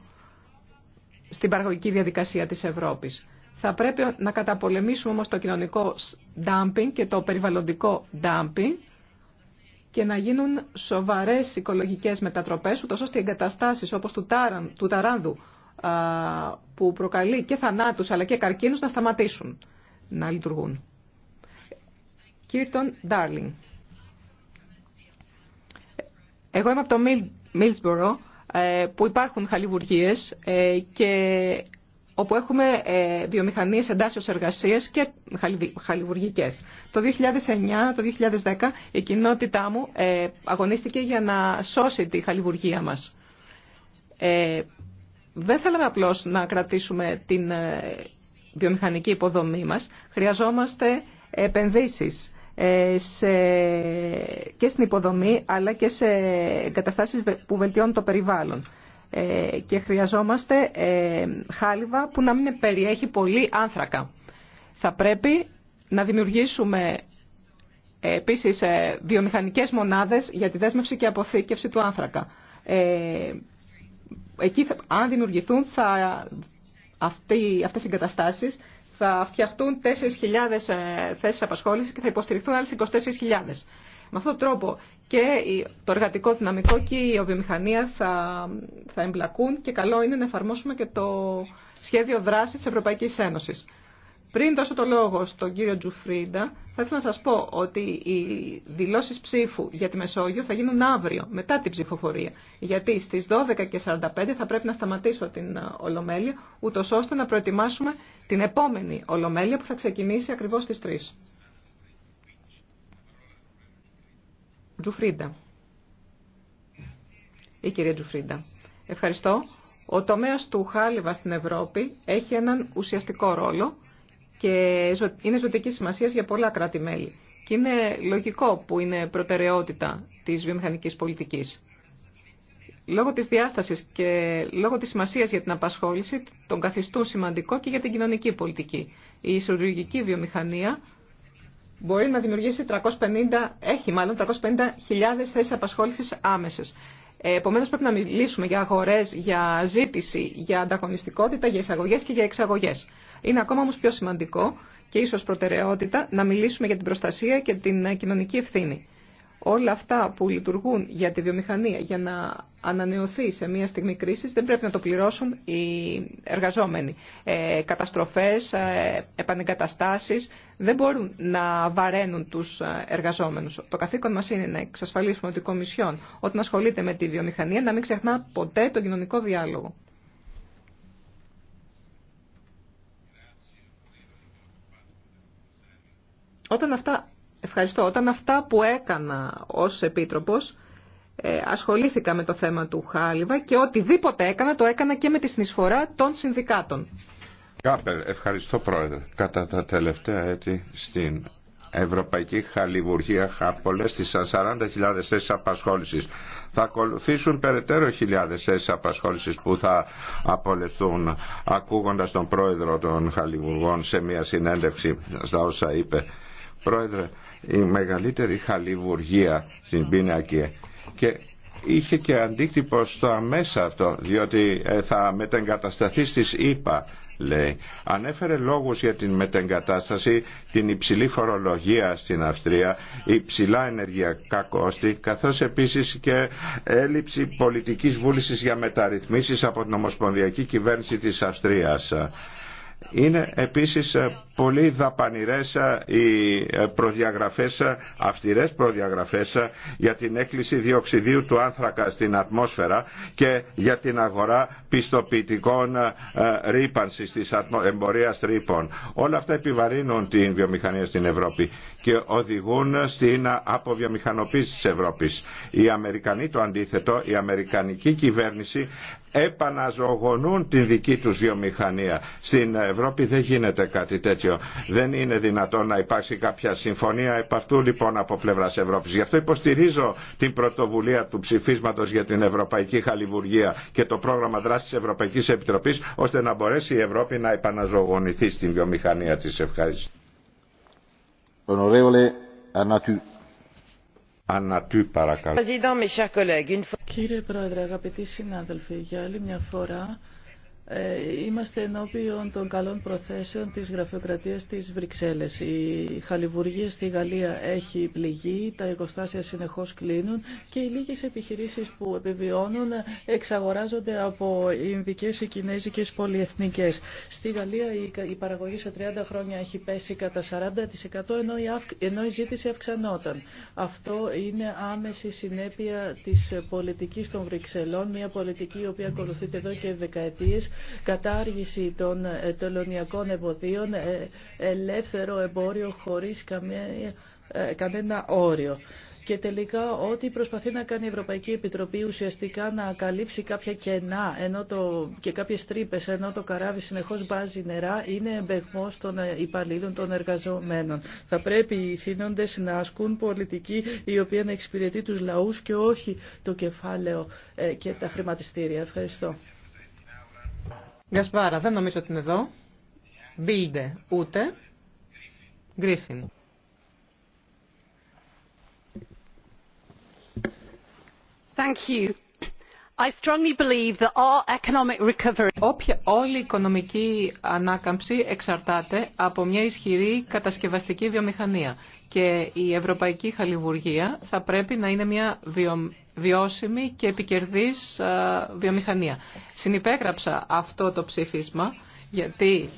στην παραγωγική διαδικασία της Ευρώπης. Θα πρέπει να καταπολεμήσουμε όμως το κοινωνικό dumping και το περιβαλλοντικό dumping και να γίνουν σοβαρές οικολογικές μετατροπές, ούτως ώστε οι εγκαταστάσεις όπως του, τάραν, του ταράνδου που προκαλεί και θανάτους αλλά και καρκίνους να σταματήσουν να λειτουργούν. Εγώ είμαι από το Μίλτσμπορο ε, που υπάρχουν χαλιβουργίες ε, και όπου έχουμε ε, βιομηχανίες εντάσσεως εργασίας και χαλιβουργικές. Το 2009, το 2010 η κοινότητά μου αγωνίστηκε για να σώσει τη χαλιβουργία μας. Δεν θέλαμε απλώς να κρατήσουμε την βιομηχανική υποδομή μας. Χρειαζόμαστε επενδύσεις ε, σε, και στην υποδομή αλλά και σε εγκαταστάσεις που βελτιώνουν το περιβάλλον. Ε, και χρειαζόμαστε ε, χάλιβα που να μην περιέχει πολύ άνθρακα. Θα πρέπει να δημιουργήσουμε επίσης βιομηχανικές μονάδες για τη δέσμευση και αποθήκευση του άνθρακα. εκεί, αν δημιουργηθούν, θα, αυτοί, αυτές οι εγκαταστάσεις θα φτιαχτούν 4.000 ε, θέσεις απασχόλησης και θα υποστηριχθούν άλλες 24.000. Με αυτόν τον τρόπο και το εργατικό δυναμικό και η βιομηχανία θα, θα εμπλακούν και καλό είναι να εφαρμόσουμε και το σχέδιο δράσης της Ευρωπαϊκής Ένωσης. Πριν δώσω το λόγο στον κύριο Τζουφρίντα, θα ήθελα να σας πω ότι οι δηλώσεις ψήφου για τη Μεσόγειο θα γίνουν αύριο, μετά την ψηφοφορία. Γιατί στις 12.45 θα πρέπει να σταματήσω την ε, Ολομέλεια, ούτω ώστε να προετοιμάσουμε την επόμενη Ολομέλεια που θα ξεκινήσει ακριβώς στις 3. Τζουφρίντα. Η κυρία Τζουφρίντα. Ευχαριστώ. Ο τομέας του χάλιβα στην Ευρώπη έχει έναν ουσιαστικό ρόλο και είναι ζωτική σημασία για πολλά κράτη-μέλη. Και είναι λογικό που είναι προτεραιότητα τη βιομηχανική πολιτική Λόγω της διάστασης και λόγω της σημασίας για την απασχόληση τον καθιστούν σημαντικό και για την κοινωνική πολιτική. Η ισορρογική βιομηχανία μπορεί να δημιουργήσει 350, έχει μάλλον 350.000 θέσεις απασχόλησης άμεσες. Ε, Επομένω, πρέπει να μιλήσουμε για αγορέ, για ζήτηση, για ανταγωνιστικότητα, για εισαγωγέ και για εξαγωγέ. Είναι ακόμα όμω πιο σημαντικό και ίσω προτεραιότητα να μιλήσουμε για την προστασία και την κοινωνική ευθύνη όλα αυτά που λειτουργούν για τη βιομηχανία για να ανανεωθεί σε μια στιγμή κρίσης δεν πρέπει να το πληρώσουν οι εργαζόμενοι. Ε, καταστροφές, ε, επανεγκαταστάσεις δεν μπορούν να βαραίνουν τους ε, εργαζόμενους. Το καθήκον μας είναι να εξασφαλίσουμε ότι η Κομισιόν όταν ασχολείται με τη βιομηχανία να μην ξεχνά ποτέ τον κοινωνικό διάλογο. Όταν αυτά ευχαριστώ. Όταν αυτά που έκανα ως Επίτροπος ε, ασχολήθηκα με το θέμα του Χάλιβα και οτιδήποτε έκανα το έκανα και με τη συνεισφορά των συνδικάτων. Κάπερ, ευχαριστώ Πρόεδρε. Κατά τα τελευταία έτη στην Ευρωπαϊκή Χαλιβουργία χάπολε στι 40.000 θέσει απασχόληση. Θα ακολουθήσουν περαιτέρω χιλιάδε θέσει απασχόληση που θα απολευθούν ακούγοντα τον πρόεδρο των Χαλιβουργών σε μια συνέντευξη στα όσα είπε. Πρόεδρε, η μεγαλύτερη χαλιβουργία στην πίνακη και είχε και αντίκτυπο στο αμέσα αυτό διότι ε, θα μετεγκατασταθεί στις ΗΠΑ λέει. Ανέφερε λόγους για την μετεγκατάσταση, την υψηλή φορολογία στην Αυστρία, υψηλά ενεργειακά κόστη, καθώς επίσης και έλλειψη πολιτικής βούλησης για μεταρρυθμίσεις από την Ομοσπονδιακή Κυβέρνηση της Αυστρίας. Είναι επίσης ε, πολύ δαπανηρές ε, οι ε, προδιαγραφές, αυστηρές προδιαγραφές για την έκκληση διοξιδίου του άνθρακα στην ατμόσφαιρα και για την αγορά πιστοποιητικών ε, ε, ρήπανση τη εμπορία τρύπων. Όλα αυτά επιβαρύνουν την βιομηχανία στην Ευρώπη και οδηγούν στην αποβιομηχανοποίηση τη Ευρώπη. Οι Αμερικανοί το αντίθετο, η Αμερικανική κυβέρνηση επαναζωογονούν την δική τους βιομηχανία. Στην Ευρώπη δεν γίνεται κάτι τέτοιο. Δεν είναι δυνατόν να υπάρξει κάποια συμφωνία επ' αυτού λοιπόν από πλευράς Ευρώπης. Γι' αυτό υποστηρίζω την πρωτοβουλία του ψηφίσματος για την Ευρωπαϊκή Χαλιβουργία και το πρόγραμμα δράσης Τη τη Ευρωπαϊκή Επιτροπή ώστε να μπορέσει η Ευρώπη να επαναζωογονηθεί στην βιομηχανία τη Ευχαριστώ. Ανατού, παρακαλώ. Κύριε Πρόεδρε, αγαπητοί συνάδελφοι, για άλλη μια φορά ε, είμαστε ενώπιον των καλών προθέσεων της γραφειοκρατίας της Βρυξέλλες. Η χαλιβουργία στη Γαλλία έχει πληγεί, τα εργοστάσια συνεχώς κλείνουν και οι λίγες επιχειρήσεις που επιβιώνουν εξαγοράζονται από Ινδικές ή Κινέζικες πολυεθνικές. Στη Γαλλία η παραγωγή σε 30 χρόνια έχει πέσει κατά 40% ενώ η ζήτηση αυξανόταν. Αυτό είναι άμεση συνέπεια της πολιτικής των Βρυξελών, μια πολιτική η οποία ακολουθείται εδώ και δεκαετίες κατάργηση των ε, τελωνιακών εμποδίων, ε, ελεύθερο εμπόριο χωρίς καμία, ε, κανένα όριο. Και τελικά ό,τι προσπαθεί να κάνει η Ευρωπαϊκή Επιτροπή ουσιαστικά να καλύψει κάποια κενά ενώ το, και κάποιες τρύπε ενώ το καράβι συνεχώς βάζει νερά είναι εμπεγμός των υπαλλήλων των εργαζομένων. Θα πρέπει οι θύνοντες να ασκούν πολιτική η οποία να εξυπηρετεί τους λαούς και όχι το κεφάλαιο και τα χρηματιστήρια. Ευχαριστώ. Γκασπάρα, δεν νομίζω ότι είναι εδώ. Μπίλντε, ούτε. Γκρίφιν. Όποια, όλη η οικονομική ανάκαμψη εξαρτάται από μια ισχυρή κατασκευαστική βιομηχανία και η ευρωπαϊκή χαλιβουργία θα πρέπει να είναι μια βιώσιμη και επικερδής βιομηχανία. Συνυπέγραψα αυτό το ψήφισμα γιατί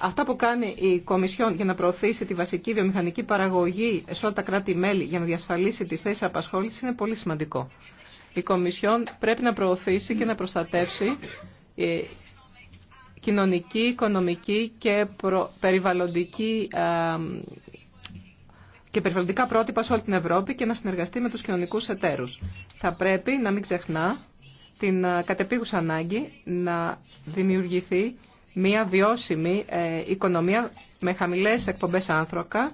αυτά που κάνει η Κομισιόν για να προωθήσει τη βασική βιομηχανική παραγωγή σε όλα τα κράτη-μέλη για να διασφαλίσει τις θέσεις απασχόλησης είναι πολύ σημαντικό. Η Κομισιόν πρέπει να προωθήσει και να προστατεύσει ε, κοινωνική, οικονομική και περιβαλλοντική ε, και περιβαλλοντικά πρότυπα σε όλη την Ευρώπη και να συνεργαστεί με τους κοινωνικούς εταίρους. Θα πρέπει να μην ξεχνά την ε, κατεπίγουσα ανάγκη να δημιουργηθεί μια βιώσιμη ε, οικονομία με χαμηλές εκπομπές άνθρωκα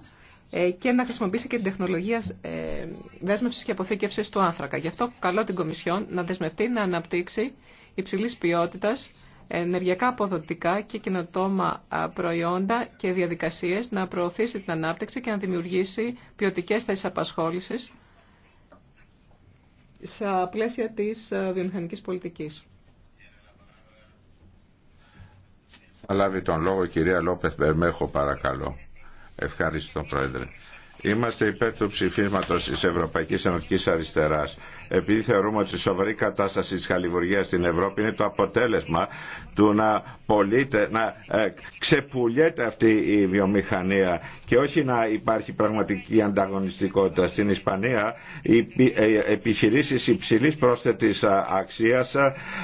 ε, και να χρησιμοποιήσει και την τεχνολογία δέσμευση και αποθήκευσης του άνθρακα. Γι' αυτό καλώ την Κομισιόν να δεσμευτεί να αναπτύξει υψηλής ποιότητα ενεργειακά αποδοτικά και κοινοτόμα προϊόντα και διαδικασίες, να προωθήσει την ανάπτυξη και να δημιουργήσει ποιοτικές θέσεις απασχόλησης στα πλαίσια της βιομηχανικής πολιτικής. Θα λάβει τον λόγο η κυρία Λόπεθ Μπερμέχο παρακαλώ. Ευχαριστώ Πρόεδρε. Είμαστε υπέρ του ψηφίσματος της Ευρωπαϊκής Ενωτικής Αριστεράς επειδή θεωρούμε ότι η σοβαρή κατάσταση της χαλιβουργίας στην Ευρώπη είναι το αποτέλεσμα του να, πωλείται, να ε, ξεπουλιέται αυτή η βιομηχανία και όχι να υπάρχει πραγματική ανταγωνιστικότητα. Στην Ισπανία οι ε, επιχειρήσεις υψηλής πρόσθετης ε, αξίας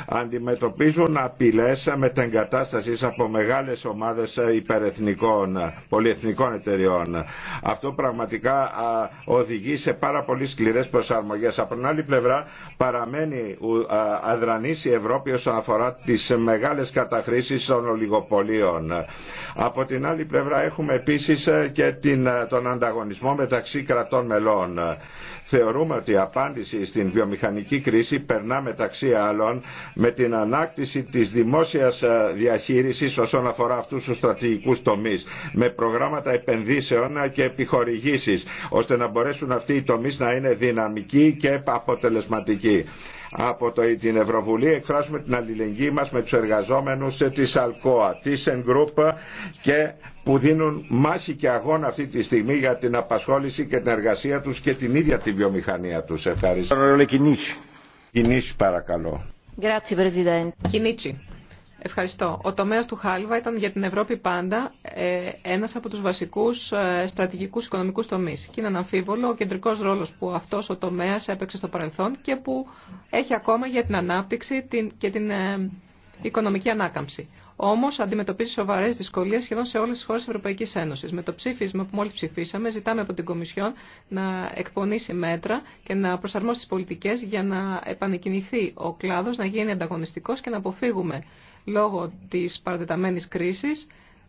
αντιμετωπίζουν απειλές κατάσταση από μεγάλες ομάδες υπερεθνικών, πολυεθνικών εταιριών. Αυτό πραγματικά οδηγεί σε πάρα πολύ σκληρές προσαρμογές. Από την άλλη πλευρά παραμένει αδρανής η Ευρώπη όσον αφορά τις μεγάλες καταχρήσεις των ολιγοπολίων. Από την άλλη πλευρά έχουμε επίσης ε, και ε, τον ανταγωνισμό μεταξύ κρατών μελών θεωρούμε ότι η απάντηση στην βιομηχανική κρίση περνά μεταξύ άλλων με την ανάκτηση της δημόσιας ε, διαχείρισης όσον αφορά αυτούς τους στρατηγικούς τομείς με προγράμματα επενδύσεων ε, και επιχορηγήσεις ώστε να μπορέσουν αυτοί οι τομείς να είναι δυναμικοί και αποτελεσματικοί από το, την Ευρωβουλή εκφράζουμε την αλληλεγγύη μας με τους εργαζόμενους ε, της Αλκόα, της Group και που δίνουν μάχη και αγώνα αυτή τη στιγμή για την απασχόληση και την εργασία τους και την ίδια τη βιομηχανία τους. Ευχαριστώ. Κινίτσι παρακαλώ. Κινίτσι. Ευχαριστώ. Ο τομέας του Χάλβα ήταν για την Ευρώπη πάντα ε, ένας από τους βασικούς ε, στρατηγικούς οικονομικούς τομείς. Και είναι αναμφίβολο ο κεντρικός ρόλος που αυτός ο τομέας έπαιξε στο παρελθόν και που έχει ακόμα για την ανάπτυξη και την ε, οικονομική ανάκαμψη. Όμω αντιμετωπίζει σοβαρέ δυσκολίε σχεδόν σε όλε τι χώρε τη Ευρωπαϊκή Ένωση. Με το ψήφισμα που μόλι ψηφίσαμε, ζητάμε από την Κομισιόν να εκπονήσει μέτρα και να προσαρμόσει τι πολιτικέ για να επανεκκινηθεί ο κλάδο, να γίνει ανταγωνιστικό και να αποφύγουμε λόγω τη παρατεταμένη κρίση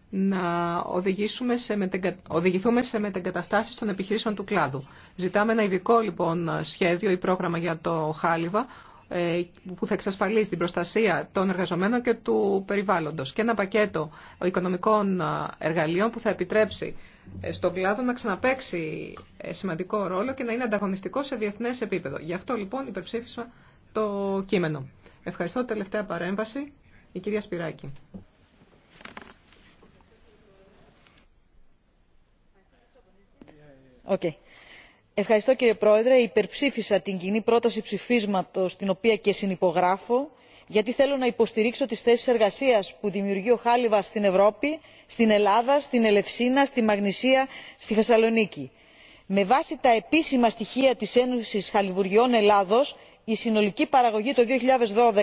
να οδηγήσουμε σε μετεγκα... οδηγηθούμε σε μετεγκαταστάσεις των επιχειρήσεων του κλάδου. Ζητάμε ένα ειδικό λοιπόν σχέδιο ή πρόγραμμα για το Χάλιβα, ε, που θα εξασφαλίσει την προστασία των εργαζομένων και του περιβάλλοντος και ένα πακέτο οικονομικών ε, εργαλείων που θα επιτρέψει ε, στον κλάδο να ξαναπαίξει σημαντικό ρόλο και να είναι ανταγωνιστικό σε διεθνές επίπεδο. Γι' αυτό λοιπόν υπερψήφισα το κείμενο. Ευχαριστώ. Τελευταία παρέμβαση, η κυρία Σπυράκη. Okay κύριε πρόεδρε υπερψήφισα την κοινή πρόταση ψηφίσματος την οποία και συνυπογράφω γιατί θέλω να υποστηρίξω τις θέσεις εργασίας που δημιουργεί ο χάλιβας στην ευρώπη στην ελλάδα στην ελευσίνα στη μαγνησία στη θεσσαλονίκη. με βάση τα επίσημα στοιχεία της ένωσης χαλιβουργιών ελλάδος η συνολική παραγωγή το 2012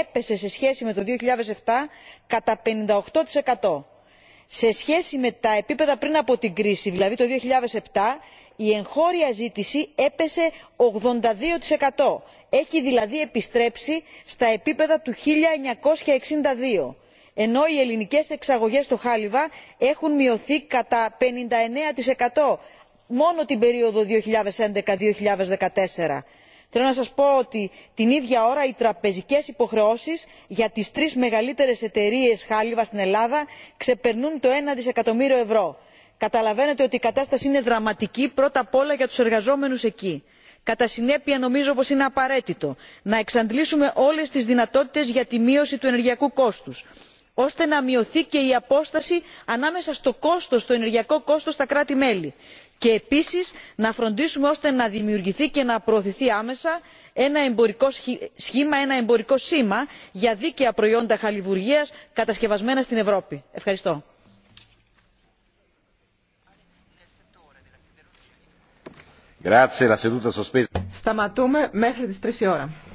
έπεσε σε σχέση με το 2007 κατά. 58%. σε σχέση με τα επίπεδα πριν από την κρίση δηλαδή το δύο η εγχώρια ζήτηση έπεσε 82%. έχει δηλαδή επιστρέψει στα επίπεδα του 1962 ενώ οι ελληνικές εξαγωγές στο χάλιβα έχουν μειωθεί κατά 59% μόνο την περίοδο 2011-2014. Θέλω να σας πω ότι την ίδια ώρα οι τραπεζικές υποχρεώσεις για τις τρεις μεγαλύτερες εταιρείες χάλιβα στην Ελλάδα ξεπερνούν το ένα δισεκατομμύριο ευρώ καταλαβαίνετε ότι η κατάσταση είναι δραματική πρώτα απ' όλα για τους εργαζόμενους εκεί. κατά συνέπεια νομίζω πως είναι απαραίτητο να εξαντλήσουμε όλες τις δυνατότητες για τη μείωση του ενεργειακού κόστους ώστε να μειωθεί και η απόσταση ανάμεσα στο κόστος στο ενεργειακό κόστος στα κράτη μέλη και επίσης να φροντίσουμε ώστε να δημιουργηθεί και να προωθηθεί άμεσα ένα εμπορικό σχήμα ένα εμπορικό σήμα για δίκαια προϊόντα χαλιβουργίας κατασκευασμένα στην ευρώπη. ευχαριστώ. Σταματούμε μέχρι τις 3 η ώρα.